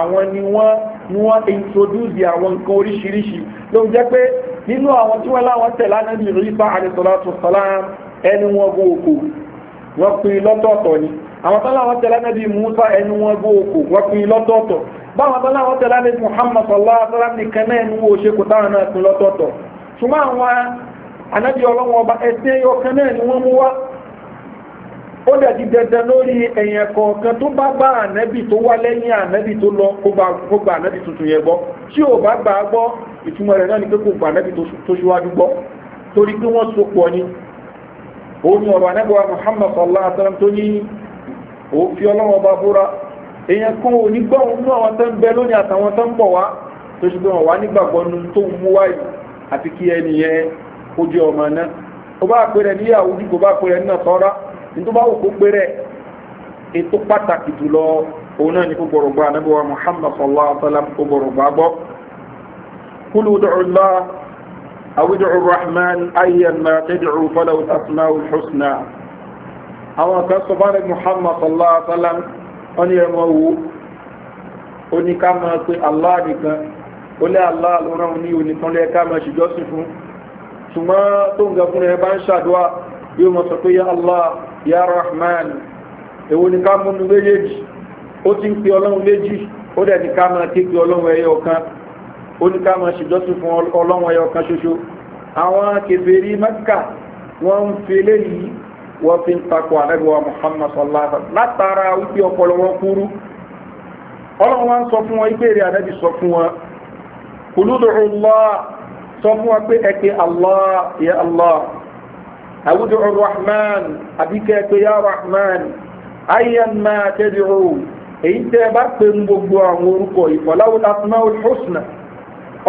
àwọn ni wọ́n ni wọ́n introduce àwọn nǹkan oríṣiríṣi ló ń jẹ́ pé nínú àwọn tí wọ́n láwọn tẹ̀lé ànábì rí bá àdìsọ́lá tó sọ́lá ẹni wọn gbogbo wọ́n pín lọ́tọ̀ọ̀tọ̀ ni àwọn tọ́láwọ́ tẹ́lá nẹ́bí Musa ẹnu wọn bó okò wọ́n pín lọ́tọ̀ọ̀tọ̀ báwọn tọ́láwọ́ tẹ́lá nẹ́bí Muhammad sallallahu alaihi wasallam nìkan náà ẹnu wo ṣe kò táwọn náà pín lọ́tọ̀ọ̀tọ̀ ṣùgbọ́n àwọn anábì ọlọ́wọ́ ni wọ́n mú wá ó dẹ̀ ti dandan lórí ẹ̀yàn kọ̀ọ̀kan tó bá bá ànábì tó wá lẹ́yìn ànábì tó lọ kó gba ànábì torí pé wọ́n so ni òun ọ̀rọ̀ anẹ́bọ̀wà muhammad sallallahu alaihi wasallam tó o fi ọlọ́wọ́ bá bura èèyàn kan ò ní gbọ́hùn mú àwọn tó ń bẹ lónìí àtàwọn tó ń bọ̀ wá tó ṣe gbọ́n wá nígbàgbọ́ nu tó ń mú wáyé àti kí ẹni yẹn kó jẹ ọmọ náà ó bá pèrè ní yahoo أو ادعوا الرحمن أيا ما تدعوا فلو الأسماء الحسنى أو كصبان محمد صلى الله عليه وسلم أن يموه أن كما الله بك ولا الله لروني ونكون لك كما شجوسف ثم تنقفون يبان شادوا يوم سقيا الله يا رحمن èwo ni ká múnú méjèèjì ó ti ń pe ọlọ́run méjì ó dẹ̀ ní oníkàmọ̀ ṣìjọ́sí fún ọlọ́wọ́ ẹyọ kan ṣoṣo àwọn kèfèrí mẹ́kà wọ́n ń fi léyìí wọ́n fi ń takò àrẹ́gbẹ̀wà Muhammad sallallahu látara wípé ọpọlọ wọn kúrú ọlọ́run wá ń sọ fún wọn ipé èrè àrẹ́bì sọ fún wọn kùlúdù Allah sọ fún wọn pé ẹ̀kẹ́ Allah ya Allah àwùjọ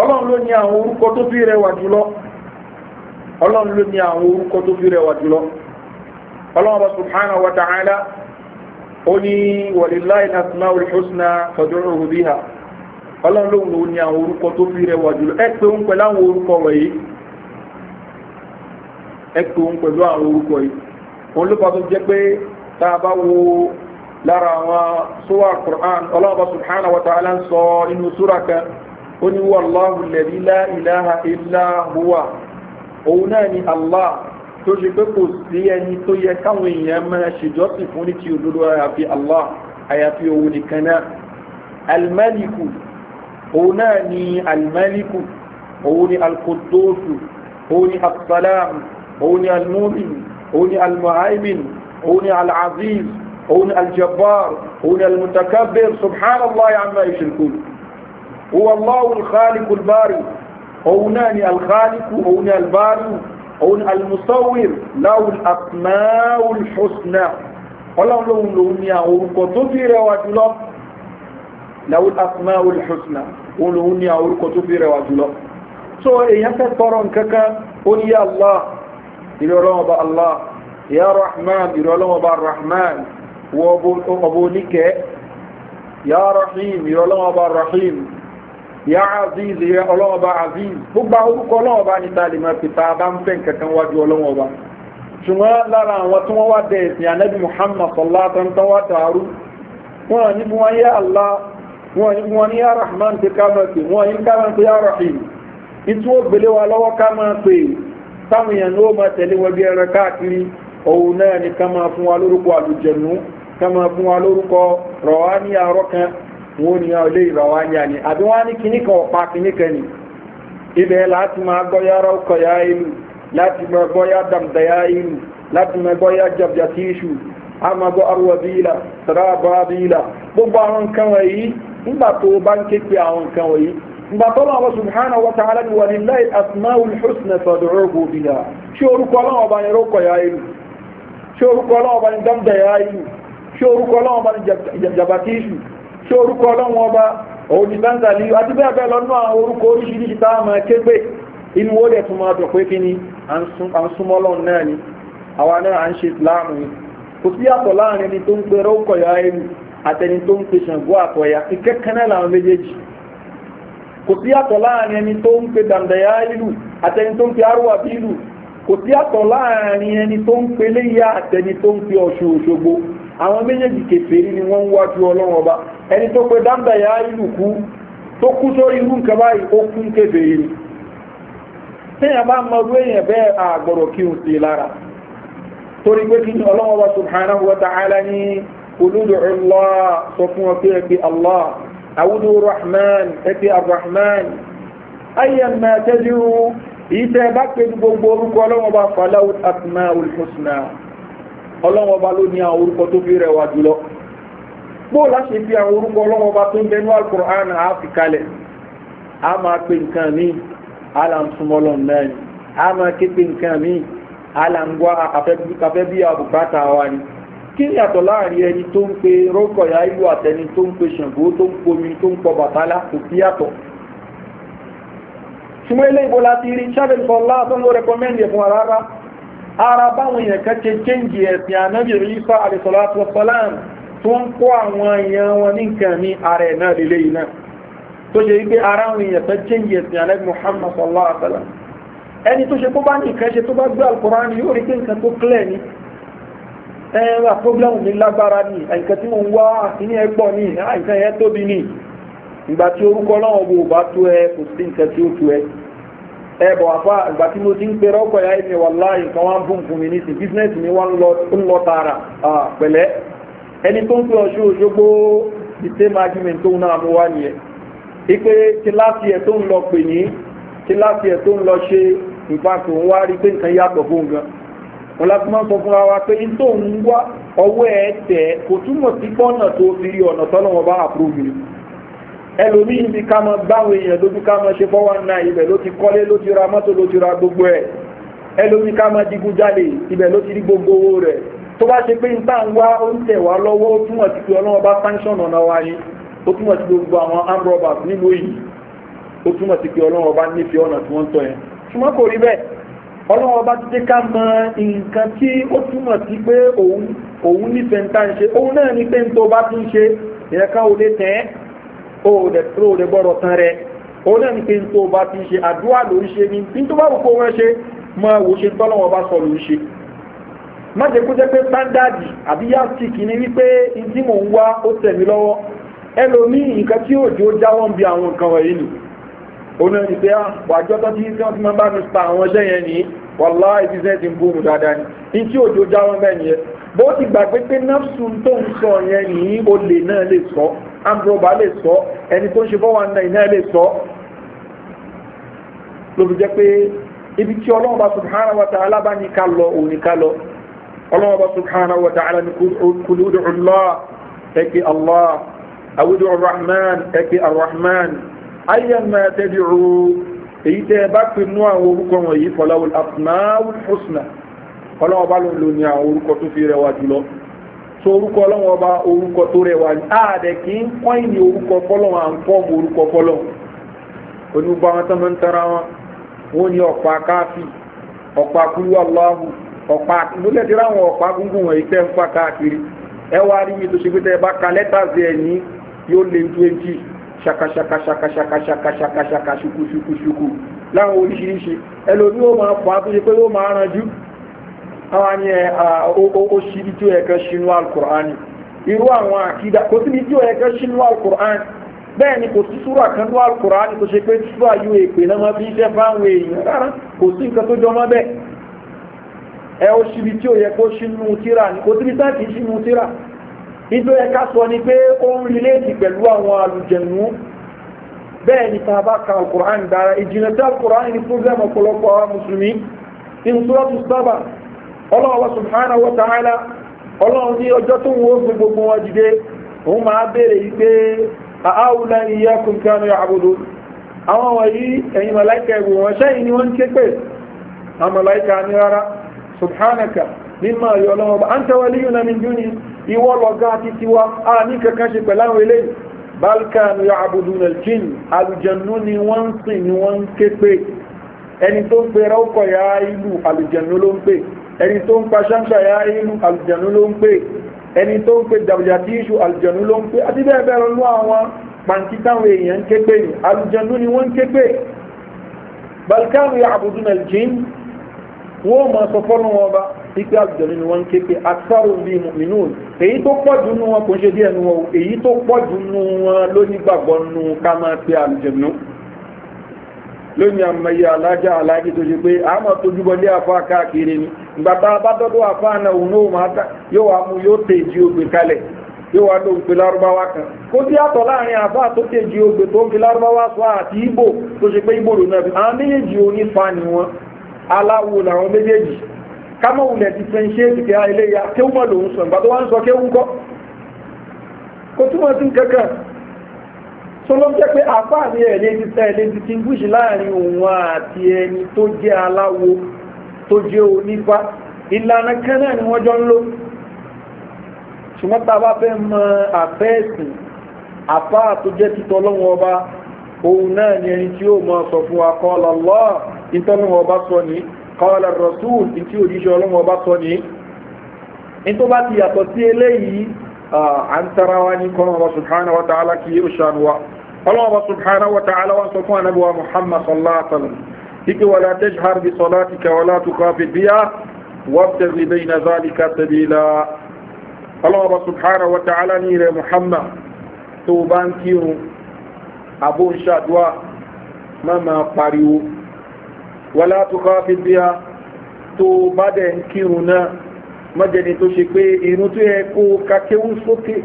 ọlọ́run ló ní àwọn orúkọ tó fi rẹwà jùlọ ọlọ́run ló ní àwọn orúkọ tó fi rẹwà jùlọ ọlọ́run bá subhanahu wa ta'ala ó ní walillahi al-asmaul husna fad'uhu biha ọlọ́run ló ló ní àwọn orúkọ tó fi rẹwà jùlọ ẹ pé lára àwọn sówà Qur'an ọlọ́run bá wa ta'ala ń sọ inú súra kan قل هو الله الذي لا إله إلا هو أوناني الله تجبك سياني تويا كوين يما شجرت فونتي يدلوها في الله أي في أولكنا الملك أوناني الملك أوني القدوس أوني السلام أوني المؤمن أوني المهيمن أوني العزيز أوني الجبار أوني المتكبر سبحان الله عما يشركون huwa Allahu al-khaliqu al-bari òun náà ni al-khaliqu òun ni al-bari òun ni al-musawwir lahu al-asma'u al-husna ọlọ́run lòun lòun ni àwọn orúkọ tó fi rẹwà jùlọ lahu al-asma'u al-husna òun lòun ni àwọn orúkọ tó fi rẹwà jùlọ so èèyàn fẹ́ tọrọ nkankan ó ní yá Allah ìrọ̀lọ́wọ́ bá Allah ya rahman ìrọ̀lọ́wọ́ bá rahman wọ́n ọbọ̀ oníkẹ́ ya rahim ìrọ̀lọ́wọ́ bá rahim ya aziz ya ọlọ́ọ̀ba aziz gbogbo orúkọ ọlọ́ọ̀ba ní tààlì máa fi ta bá ń fẹ́ kankan wájú ọlọ́ọ̀ba ṣùgbọ́n lára àwọn tí wọ́n wá dẹ̀ ẹ̀sìn anábì muhammad sallatan tán wá tààrú wọn ní bí wọ́n yá allah wọ́n ní yá rahman ti ká máa pè wọn ní ká máa pè yá rahim ìtú wa lọ́wọ́ ká ni ká máa fún wa lórúkọ àlùjẹ̀nú ká máa fún wa lórúkọ rọ̀wá ní àárọ̀ wọ́n ní ilé ìbáwá ní àbí wọ́n ní nika ọ̀pá kíní kan ibẹ̀ láti máa gbọ́yá rọ́kọ̀ yá ìlú láti máa gbọ́yá dàmdà yá ìlú láti máa gbọ́yá jàbjà tíṣù a máa gbọ́ arúgbó gbogbo àwọn nǹkan wọ̀nyí nígbà tó o bá ń ké àwọn nǹkan wọ̀nyí nígbà tó lọ́wọ́ subhanahu wa ta'ala ni wà ní láì ṣé orúkọ bá ṣé orúkọ bá dàmdà ṣe orúkọ ọlọ́run ọba òun ni bẹ́ńdà ní àti bẹ́ẹ̀ bẹ́ẹ̀ lọ́nà àwọn orúkọ oríṣiríṣi tá a máa ké pé inú ó dẹ̀ tún máa dùn pé kí ni à ń súnmọ́ ọlọ́run náà ni àwa náà à ń ṣe ìsìláàmù kò sí yàtọ̀ láàrin ẹni tó ń pe rọ́ọ̀kọ̀ ya ẹnu àtẹni tó ń pe ṣàǹgó àtọ̀yà ìkẹ́kẹ́ náà làwọn méjèèjì kò sí yàtọ̀ láàrin ẹni tó ń pe dàǹdàyà ìlú àtẹni tó ń pe arúwà àwọn méjèèjì kèfèrí ni wọ́n ń wájú ọlọ́run ọba ẹni tó pe dáńdà yá ìlú kú tó kú sórí irú nǹkan báyìí ó kún ni téèyàn bá mọ èèyàn bẹ́ẹ̀ àgbọ̀rọ̀ kí n sí lára torí pé kí ni subhanahu wa ta'ala ní olúdò ọlọ́ sọ fún ọ pé allah awudu rahman ẹ pé arrahman ayyan tẹ́jú ìtẹ́ bá gbogbo orúkọ ọlọ́wọ́ bá ló ní àwọn orúkọ tó fi rẹwà jùlọ bóò láṣẹ fi àwọn orúkọ ọlọ́wọ́ bá tó ń bẹnu alukur'an á fi kalẹ̀ a máa pe nǹkan mi alamsumọlọ náà ni a máa ké pe nǹkan mi alangwa afẹ́ bí abùkátà wa ni kí ni àtọ̀ láàrin ẹni tó ń pe rọ́kọ̀yà ìlú àtẹni tó ń pe ṣàǹgó tó ń pomi tó ń pọ bàtálá kò sí àtọ̀ ṣùgbọ́n ilé ìbò láti rí sábẹ̀ nǹkan ọlá tó ẹ̀fún ara rárá ara báwọn èèyàn kan ṣe kéńjì ẹ̀sìn ànábì Ìsá àdìsọ́láàtú ọ̀sọ́làm tó ń kó àwọn èèyàn wọn ní nǹkan ní ara ẹ̀ náà lélẹ́yìí náà tó ṣe wípé ara àwọn èèyàn kan kéńjì ẹ̀sìn ànábì Muhammad sallallahu alaihi wasallam ẹni tó ṣe kó bá ní nǹkan ṣe tó bá gbé alukoran ni yóò rí pé nǹkan tó clear ni ẹ̀rọ àpọ́gbọ́n mi lágbára ní àìkẹ́ tí mo ń wá àkíní ẹgbọ́ ní àìkẹ́ ẹ tóbi ní ìgbà tí orúkọ Ọlọ́run bò bá tó ẹ kò sí nǹkan tí ó tó ẹ ẹbọ àfá ìgbà tí mo ti ń pèrè ọkọ̀ ya ẹni wallahi nǹkan wá ń fún fún mi ní sí bísínẹ́sì mi wá ń lọ tààrà pẹ̀lẹ́ ẹni tó ń pè ọ̀ṣọ́ òṣogbo the same argument tó náà mú wá nìyẹn ipe kíláàsì ẹ̀ tó ń lọ pè ní kíláàsì ẹ̀ tó ń lọ ṣe ìfàkù ń wá rí pé nǹkan yàtọ̀ fún gan wọn láti máa ń sọ fúnra wa pé tó wá ọwọ́ ẹ̀ tẹ̀ kò túmọ̀ sí pọ́nà tó fi ọ̀nà tọ́lọ́wọ́ bá àpúrò ẹlòmí ibi ká mọ gbáwọn èèyàn lójú ká mọ ṣe fọ́wọ́n náà ibẹ̀ ló ti kọ́lé ló ti ra mọ́tò ló ti ra gbogbo ẹ̀ ẹlòmí ká mọ digun jáde ibẹ̀ ló ti rí gbogbo owó rẹ̀ tó bá ṣe pé ń tá ń wá ó wá lọ́wọ́ ó túmọ̀ sí gbogbo àwọn armed robbers ó túmọ̀ sí pé ọlọ́wọ́ bá nífẹ̀ẹ́ ọ̀nà tí wọ́n yẹn kò rí bẹ́ẹ̀ ọlọ́wọ́ bá ti dé ká mọ nǹkan tí ó túmọ̀ sí pé òun nífẹ̀ẹ́ ń o lè ó dẹ̀ tó rẹ̀ bọ́rọ̀ tán rẹ̀ ó náà ní pé tó bá ti ṣe àdúrà ló ń ṣe ní bí tó bá wù kó wọ́n ṣe mọ wò ṣe tọ́lọ́wọ́ bá sọ ló ń ṣe má jẹ́ kó jẹ́ pé sándàdì àbí yástíkì ni wípé ìdí mò ń wá ó tẹ̀ lọ́wọ́ ẹlòmíì nǹkan tí òjò jáwọ́ ń bi àwọn nǹkan wọ̀nyí nì ó pé àwọn àjọ tó ti ti máa bá mi pa àwọn ọjọ́ yẹn nìyí wàláì business ń búrú dáadáa ni ní tí òjò jáwọ́ mẹ́rin yẹn bó ti gbàgbé pé nafsu tó ń sọ yẹn ní olè náà lè sọ ambrọba lè sọ ẹni tó ń ṣe fọwọ́n náà náà lè sọ ló fi jẹ́ pé ibi tí ọlọ́run bá subhanahu wa ta'ala bá ní ká lọ òní ká lọ ọlọ́run bá subhanahu wa ta'ala ní kulu ud'u Allah ẹ̀kẹ́ Allah awudu arrahman ẹ̀kẹ́ arrahman ayyan ma tad'u èyí tẹ́ ẹ bá pè nú àwọn orúkọ wọ̀nyí fọláwò asmaul husna ọlọ́wọ́ bá lòlò ní àwọn orúkọ tó fi rẹwà jùlọ so orúkọ ọlọ́wọ́ bá orúkọ tó rẹwà ní ààdẹ̀ kì í kọ́yìn ní orúkọ fọlọ́wọ́ à ń orúkọ onígbà wọn máa ń tara wọn wọn ọ̀pá ṣakaṣakaṣakaṣakaṣakaṣaka ṣukuṣukuṣuku láwọn oríṣiríṣi ẹlòmí ó máa fà á tó ṣe pé ó máa ranjú àwọn ni ó ṣíbi tí ó ẹ̀kẹ́ ṣínú alkùránì irú àwọn àkídà kò síbi tí ó ẹ̀kẹ́ ṣínú alkùránì bẹ́ẹ̀ ni kò sí súrà kan ní alkùránì tó ṣe pé súrà yóò èpè náà máa fi iṣẹ́ fáwọn èèyàn rárá kò sí nǹkan tó jọmọ́ bẹ́ẹ̀ ẹ ó ṣíbi tí ó yẹ kó ṣínú tíra ni kò síbi táàkì ṣínú tíra nítorí ẹ̀ka sọ ni pé ó ń rìlẹ́ẹ̀tì pẹ̀lú àwọn àlùjẹ̀nú bẹ́ẹ̀ ni tá a bá ka alukur'an dára ìjìnlẹ̀ tí alukur'an ní program ọ̀pọ̀lọpọ̀ àwọn mùsùlùmí in sọ́ọ̀tù sábà ọlọ́wọ́ subhanahu wa ta'ala ọlọ́run ní ọjọ́ tó ń wo gbogbo wọn dìde òun máa béèrè pé àáwùlá ìyá kùnkánú àbúdó àwọn wọ̀nyí ẹ̀yìn màláìka ẹ̀wò wọn ṣẹ́yìn ni wọ́n ń ké pè ní rárá subhanaka mímọ̀ ọlọ́wọ́ bá ìwọ lọ̀gá àti tiwa a ní kankan ṣe pẹ̀láwọn eléyìí balkan ya abudun aljin alùjẹ̀nú ni wọ́n ń sìn ni wọ́n ń ké pé ẹni tó ń pera ó kọ̀ ya ìlú alùjẹ̀nú ló ń pè ẹni tó ń pa ṣáńṣà ya ìlú alùjẹ̀nú ló ń pè ẹni tó ń pe jàbùjàtì iṣu alùjẹ̀nú ló ń pè àti bẹ́ẹ̀ bẹ́ẹ̀ lọ́nú àwọn pàǹtí táwọn èèyàn ké pé alùjẹ̀nú ni wọ́n ké pé balkan ya abudun aljin wọ́n mọ̀ sọ fọ́nù wọn ba pípẹ́ àlùjọ̀nú ni wọ́n ń ké pé aksaru bíi mùmínú èyí tó pọ̀ jù nù wọn kò ń ṣe díẹ̀ nù wọn o èyí tó pọ̀ jù nù wọn ló nígbàgbọ́ nù ká máa pe àlùjọ̀nú lónìí àmọye alájà aláàjì tó ṣe pé àmọ́ tójúbọlé àfa káàkiri ni ìgbà tá a bá dọ́dọ̀ àfa náà òun náà máa ta yóò wá mú yóò tèjì ògbè kalẹ̀ yóò wá lóhùn pé lárúbáwá kan kó tí àtọ̀ láàrin àfa tó tèjì ògbè tó ń fi lárúbáwá sọ àti ibo tó ṣe pé ibo lò náà àwọn méjèèjì onífa ni wọn aláwo làwọn méjèèjì Kama wulẹ̀ differentiate kí á ya kéwù mọ́ lòún sọ ìgbà tó wá ń sọ kéwù kọ́ kò túmọ̀ sí kankan tó ló jẹ́ pé àfáà ní ẹ̀lẹ́ ti tẹ́lẹ̀ distinguish láàrin òun àti ẹni tó jẹ́ aláwo tó jẹ́ onífá ìlànà kan náà ni wọ́n jọ ń lò ṣùgbọ́n tá a bá fẹ́ mọ àfẹ́ẹ̀sìn àfáà tó jẹ́ títọ́ lọ́wọ́ ọba òun náà ni ẹni tí ó mọ sọ fún wa kọ́ lọ́lọ́ ìtọ́lọ́wọ́ ọba sọ nìyí kọ́ọ̀lá rọ̀tún tí òjíṣẹ́ ọlọ́run ọba sọ ní in tó bá ti yàtọ̀ sí eléyìí à ń tara wa ní kọ́nà ọba subhana wa ta'ala kí ó ṣàánú wa ọlọ́run ọba subhana wa ta'ala wa sọ fún anabi wa muhammad sallallahu alaihi wa sallam kíkẹ́ wàlá tẹ́jhar bí tó bá ń kírun abó ń máa pariwo wàlá tó ká fi bí a tó bá dẹ̀ ń kírun náà mọ́jẹni tó ṣe pé irun tó yẹ kó kakéwú sókè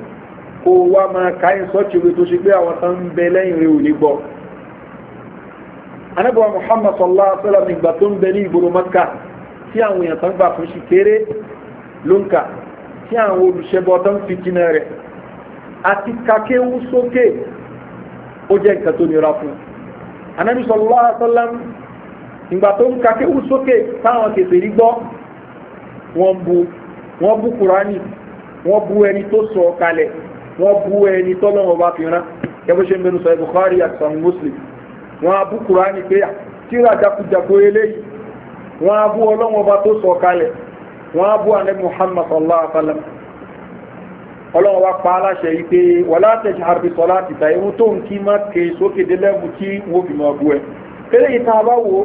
kó wá máa káyìn sọ́ọ̀tìwé tó ṣe pé àwọn tán ń bẹ lẹ́yìn rẹ̀ ò ní gbọ́ anábọ̀ muhammad sallallahu alaihi wasallam nígbà tó ń bẹ ní ìgboro maka tí àwọn èèyàn tán gbà fún sí kéré ló tí àwọn olùṣẹ́bọ tán fi jìnnà rẹ̀ àti kakéwú sókè ó jẹ́ nǹkan tó nira fún anábì sallallahu alaihi ìgbà tó ń ka kéwù sókè táwọn kèfèrí gbọ́ wọ́n bu wọ́n bu kùránì wọ́n bu ẹni tó sọ kalẹ̀ wọ́n bu ẹni tọ́lọ́wọ́ bá fi rán ẹbí ṣe ń bẹnu sọ Bukhari àti Muslim wọ́n á kùránì pé tíra jakujaku eléyìí wọ́n á ọlọ́wọ́ bá tó sọ kalẹ̀ wọ́n á bu Muhammad sallallahu alaihi wa sallam ọlọ́wọ́ bá pa aláṣẹ yìí pé wàlá tajhar bi salati ta ìwọ́n tó ń kí má ké sókè délẹ́bù tí wọ́n fi máa bu ẹ̀ eléyìí tá a bá wò ó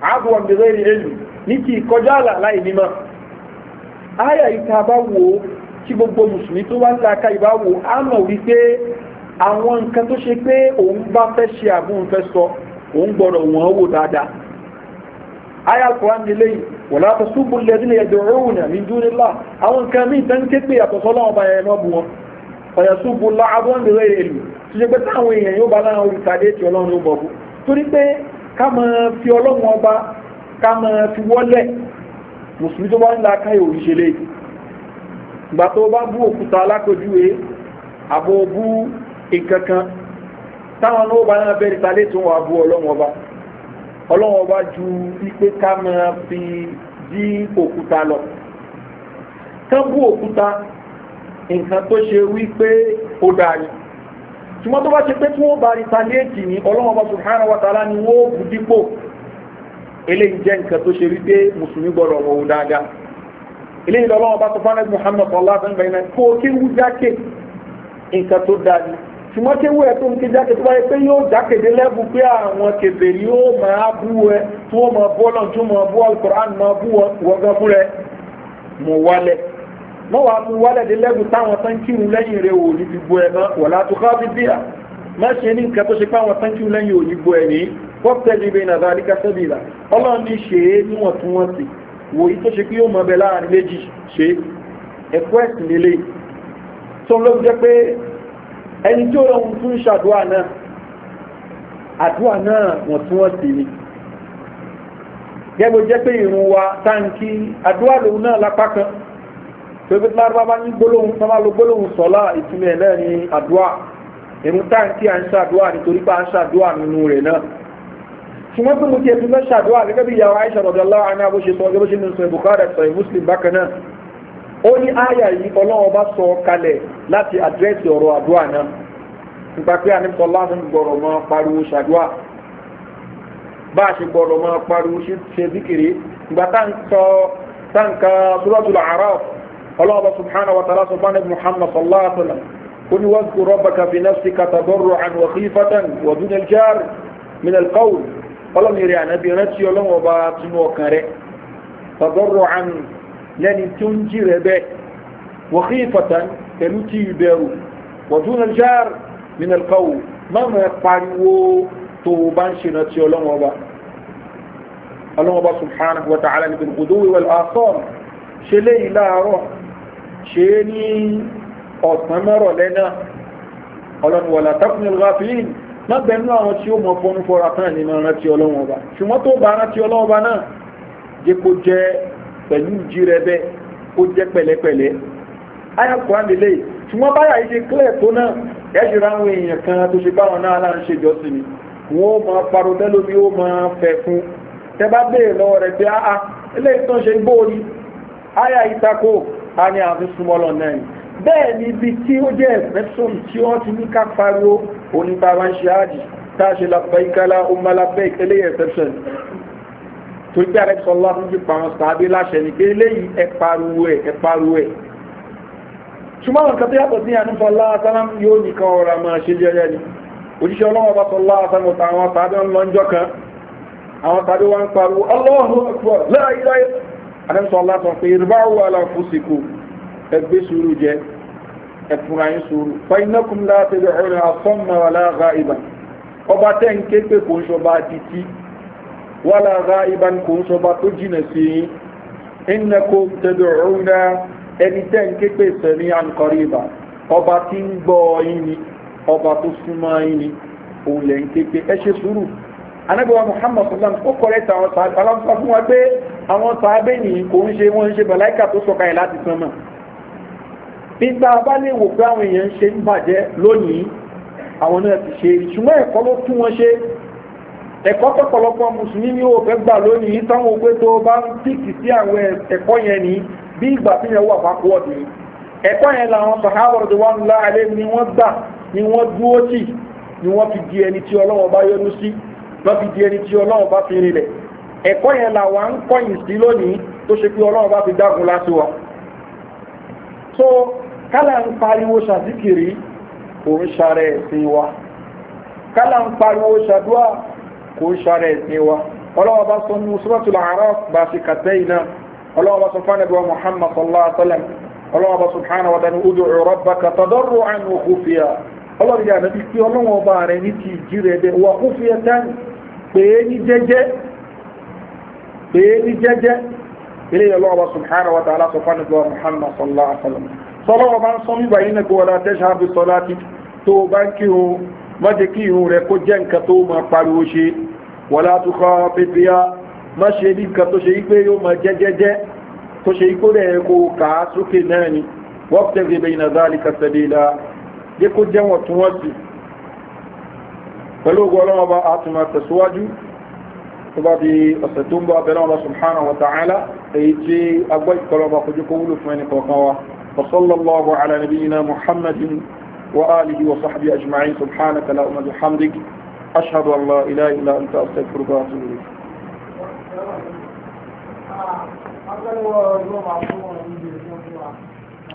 àbúwà mìíràn èlù ní ti ìkọjá àlà láì mímọ́ àyà ìta bá wo kí gbogbo mùsùlùmí tó wá ta aka ìbá wo a mọ̀ wípé àwọn nǹkan tó ṣe pé òun bá fẹ́ ṣe àbúrò fẹ́ sọ òun gbọ́dọ̀ wọ́n wò dáadáa aya alquran ni lẹ́yìn wọ̀lá ká máa fi ọlọ́run ọba ká máa fi wọ́lẹ̀ mùsùlùmí tó bá ń la káyè òṣèlè ìgbà tó bá bú òkúta alákojúwe àbò bú nkankan táwọn náà bá náà bẹ̀rẹ̀ talé tó wà bú ọlọ́run ọba ọlọ́run ọba ju pípé ká máa fi dí òkúta lọ kán bú òkúta nǹkan tó ṣe wípé ó dáa ni ṣùgbọ́n tó bá ṣe pé tí wọ́n bá ní ọlọ́mọba subhanahu wa ta'ala ni wọ́n bù dípò eléyìí jẹ́ nǹkan tó ṣe rí pé mùsùlùmí gbọ́dọ̀ wọ̀ wò dáadáa eléyìí lọ́lọ́mọba allah fẹ́ bẹ̀rẹ̀ náà kó kéwú jákè nǹkan tó dáa ni ṣùgbọ́n kéwú ẹ̀ tó ń ké jákè tó bá yẹ pé yóò jákèdé lẹ́bù pé àwọn kèfè mọ́ wàá mú wálẹ̀dé lẹ́gùn táwọn tán kírun lẹ́yìn rẹ̀ ò ní fi bo ẹ̀ náà wọ̀lá tó ká fi bíà má ṣe ní nǹkan tó ṣe pé àwọn tán kírun lẹ́yìn ò ní bo ẹ̀ ní kọ́pítẹ́lì ibẹ̀ ìnàdà àríkà sẹ́bìlà ọlọ́run ní ṣe é níwọ̀ntúnwọ̀nsì wòyí tó ṣe pé tóbi lárúbáwá ni gbólóhùn sábà lo gbólóhùn sọlá ìtumọ̀ ẹ̀ náà ní àdúrà ìrun táǹkì à ń ṣàdúrà nítorí pé à ń ṣàdúrà nínú rẹ̀ náà ṣùgbọ́n tó mú ti ẹ̀tún náà ṣàdúrà gẹ́gẹ́ bí ìyàwó Aisha radiyallahu anha bó ṣe sọ gẹ́gẹ́ bó ṣe nìsọ Bukhari àti sọ̀rọ̀ Muslim bákan náà ó ní àyà yìí Ọlọ́run bá sọ kalẹ̀ láti àdírẹ́sì ọ̀rọ̀ àdúrà náà nípa pé àní láti gbọ̀rọ̀ mọ́ pariwo ṣàdúrà bá a ṣe gbọ̀rọ̀ mọ́ pariwo ṣe zikiri ìgbà táǹkà Suratul A'raf ọlọ́ọ̀bọ̀ subhanahu wa ta'ala subhanahu wa muhammad sallallahu alaihi wa sallam kò ní wọ́n kúrọ́ bàkà fi nafsi katabarru an wa khifatan wa dun aljar min alqawl ọlọ́run eré ànábi rántí ọlọ́run ọba tinú ọkàn rẹ̀ tabarru an lẹ́ni tó ń jí rẹ̀ bẹ́ẹ̀ wa khifatan pẹ̀lú tí ìbẹ̀rù wa dun aljar min alqawl máma pariwo tó bá ń ṣe rántí ọlọ́run ọba ọlọ́run ọba subhanahu wa ta'ala níbi al-ghuduwi wal-asal ṣe léyìn láàárọ̀ ṣe ní ọ̀sán mọ́rọ̀lẹ́ náà ọlọ́nuwọ̀lá takunil ghafilin má bẹnu àwọn tí ó mọ fọnú fọra tán ní máa rántí ọlọ́wọ́n ọba ṣùgbọ́n tó bá rántí ọlọ́wọ́n ọba náà jẹ́ kó jẹ́ pẹ̀lú ìjì rẹ bẹ́ẹ̀ kó jẹ́ pẹ̀lẹ́pẹ̀lẹ́ ayọ̀ kó án lélẹ̀ ṣùgbọ́n báyà yìí ṣe clear tó náà ẹ̀ṣin ráwọn ìtakò a ní àfi súnmọ́lọ̀ náà ni bẹ́ẹ̀ ni ibi tí ó jẹ́ ẹ̀fẹ́sùn tí wọ́n ti ní ká pariwo oníbàbá ń ṣe àjì tá a ṣe làbẹ́ikálá omalabẹ́ eléyìí ẹ̀fẹ́sùn tó gbé àrẹ sọlá fún jí pàrọ̀ sàbí láṣẹ ni pé eléyìí ẹ pariwo ẹ ẹ pariwo ẹ ṣùgbọ́n nǹkan tó yàtọ̀ sí àníṣọlá asálám yóò nìkan ọ̀rọ̀ àmọ́ ṣe jẹ́jẹ́ ni òjíṣẹ́ ọlọ́wọ́ bá sọlá asálám àwọn sàbí ń lọ́njọ́ kan àwọn sàbí wọn ń pariwo ọlọ́run ọ̀pọ̀ adẹ́sọ̀ aláàtọ̀ pé ìrìbáwò aláfúsìkò ẹgbẹ́ sùúrù jẹ ẹ̀fúnra yín sùúrù fainakum látẹ̀lẹ̀ ọ̀rẹ́ asọ́mọ̀ aláàgá ìbà ọba tẹ́ ń ké pé kò ń ṣọba títí wà láàgá ìbà kò ń ṣọba tó jìnà sí yín innakum tẹ̀lẹ̀ ọ̀rẹ́ ẹni tẹ́ ké pé sẹ̀rí àǹkọ̀rí ìbà ọba tí ń gbọ́ yín ni ọba tó súnmọ́ yín ni òun lẹ́ ń ké pé ẹ ṣe sùúrù anábíwá muhammad sallam ó kọ̀rẹ́ tàwọn sàlám sọ fún wa pé àwọn sàábẹ́ ní kò ń ṣe wọ́n ń ṣe bàláìkà tó sọ̀ka ẹ̀ láti san mọ̀ nígbà bá lè wò pé àwọn èèyàn ń ṣe ń bàjẹ́ lónìí àwọn náà ti ṣe ìṣùgbọ́n ẹ̀kọ́ ló tún wọn ṣe ẹ̀kọ́ tọ̀pọ̀lọpọ̀ mùsùlùmí ni ó fẹ́ gbà lónìí táwọn ògbé tó bá ń pìkì sí àwọn ẹ̀kọ́ yẹn ní bí ìgbà tí yẹn wà fákúọ̀dì ẹ̀kọ́ yẹn làwọn sàhábọ̀rọ̀ tó wà ń ni wọ́n gbà ni wọ́n dúó tì ni wọ́n fi di ẹni tí ọlọ́wọ́ bá yọ́nú sí wọ́n fi di ẹni tí ọlọ́run bá fi rinlẹ̀ ẹ̀kọ́ yẹn làwa ń kọ́yìn sí lónìí tó ṣe pé ọlọ́run bá fi dágun láti wa so kálá ń pariwo ṣàzíkiri kò ń ṣàrẹ̀ ẹ̀sìn wa kálá ń pariwo ṣàdúrà kò ń ṣàrẹ̀ ẹ̀sìn wa ọlọ́run bá sọ ní suratul A'raf bá ṣe kàtẹ́ iná ọlọ́run bá sọ fánàbíwá Muhammad sallallahu alaihi wa sallam ọlọ́run bá subhanahu wa ta'ala ud'u rabbaka tadarru'an wa khufiya ọlọ́run yà nàbí pé ọlọ́run ọba rẹ̀ ní ti ìjì rẹ̀ bẹ́ẹ̀ wà khufiya tán pé ní jẹ́jẹ́ pé ní jẹ́jẹ́ ilé yẹn lọ́wọ́ subhanahu wa ta'ala sọ fún àdúgbò muhammad sallallahu alaihi wa sallam sọlọ́ wọn bá ń sọ mí báyìí náà kó wọlé àtẹ́sà àbí sọlá ti tó o bá ń kí o má jẹ́ kí irun rẹ̀ kó jẹ́ nǹkan tó máa pariwo ṣe ní nǹkan tó ṣe yí yóò máa jẹ́jẹ́jẹ́ tó ṣe yí rẹ̀ kó kà sókè náà ni wọ́n tẹ̀lé bẹ́yìn náà dáàlì kàtàdé la jẹ́ kó jẹ́ pẹ̀lú ogun ọlọ́wọ́ bá àtúnmà tẹ̀síwájú tó bá di ọ̀sẹ̀ tó ń bọ́ abẹ́rẹ́ ọlọ́ subhanahu wa ta'ala èyí tí agbọ́ ìkọlọ́ba fojú kó wúlò fún ẹni kọ̀ọ̀kan wa wasallallahu ala nabiyyina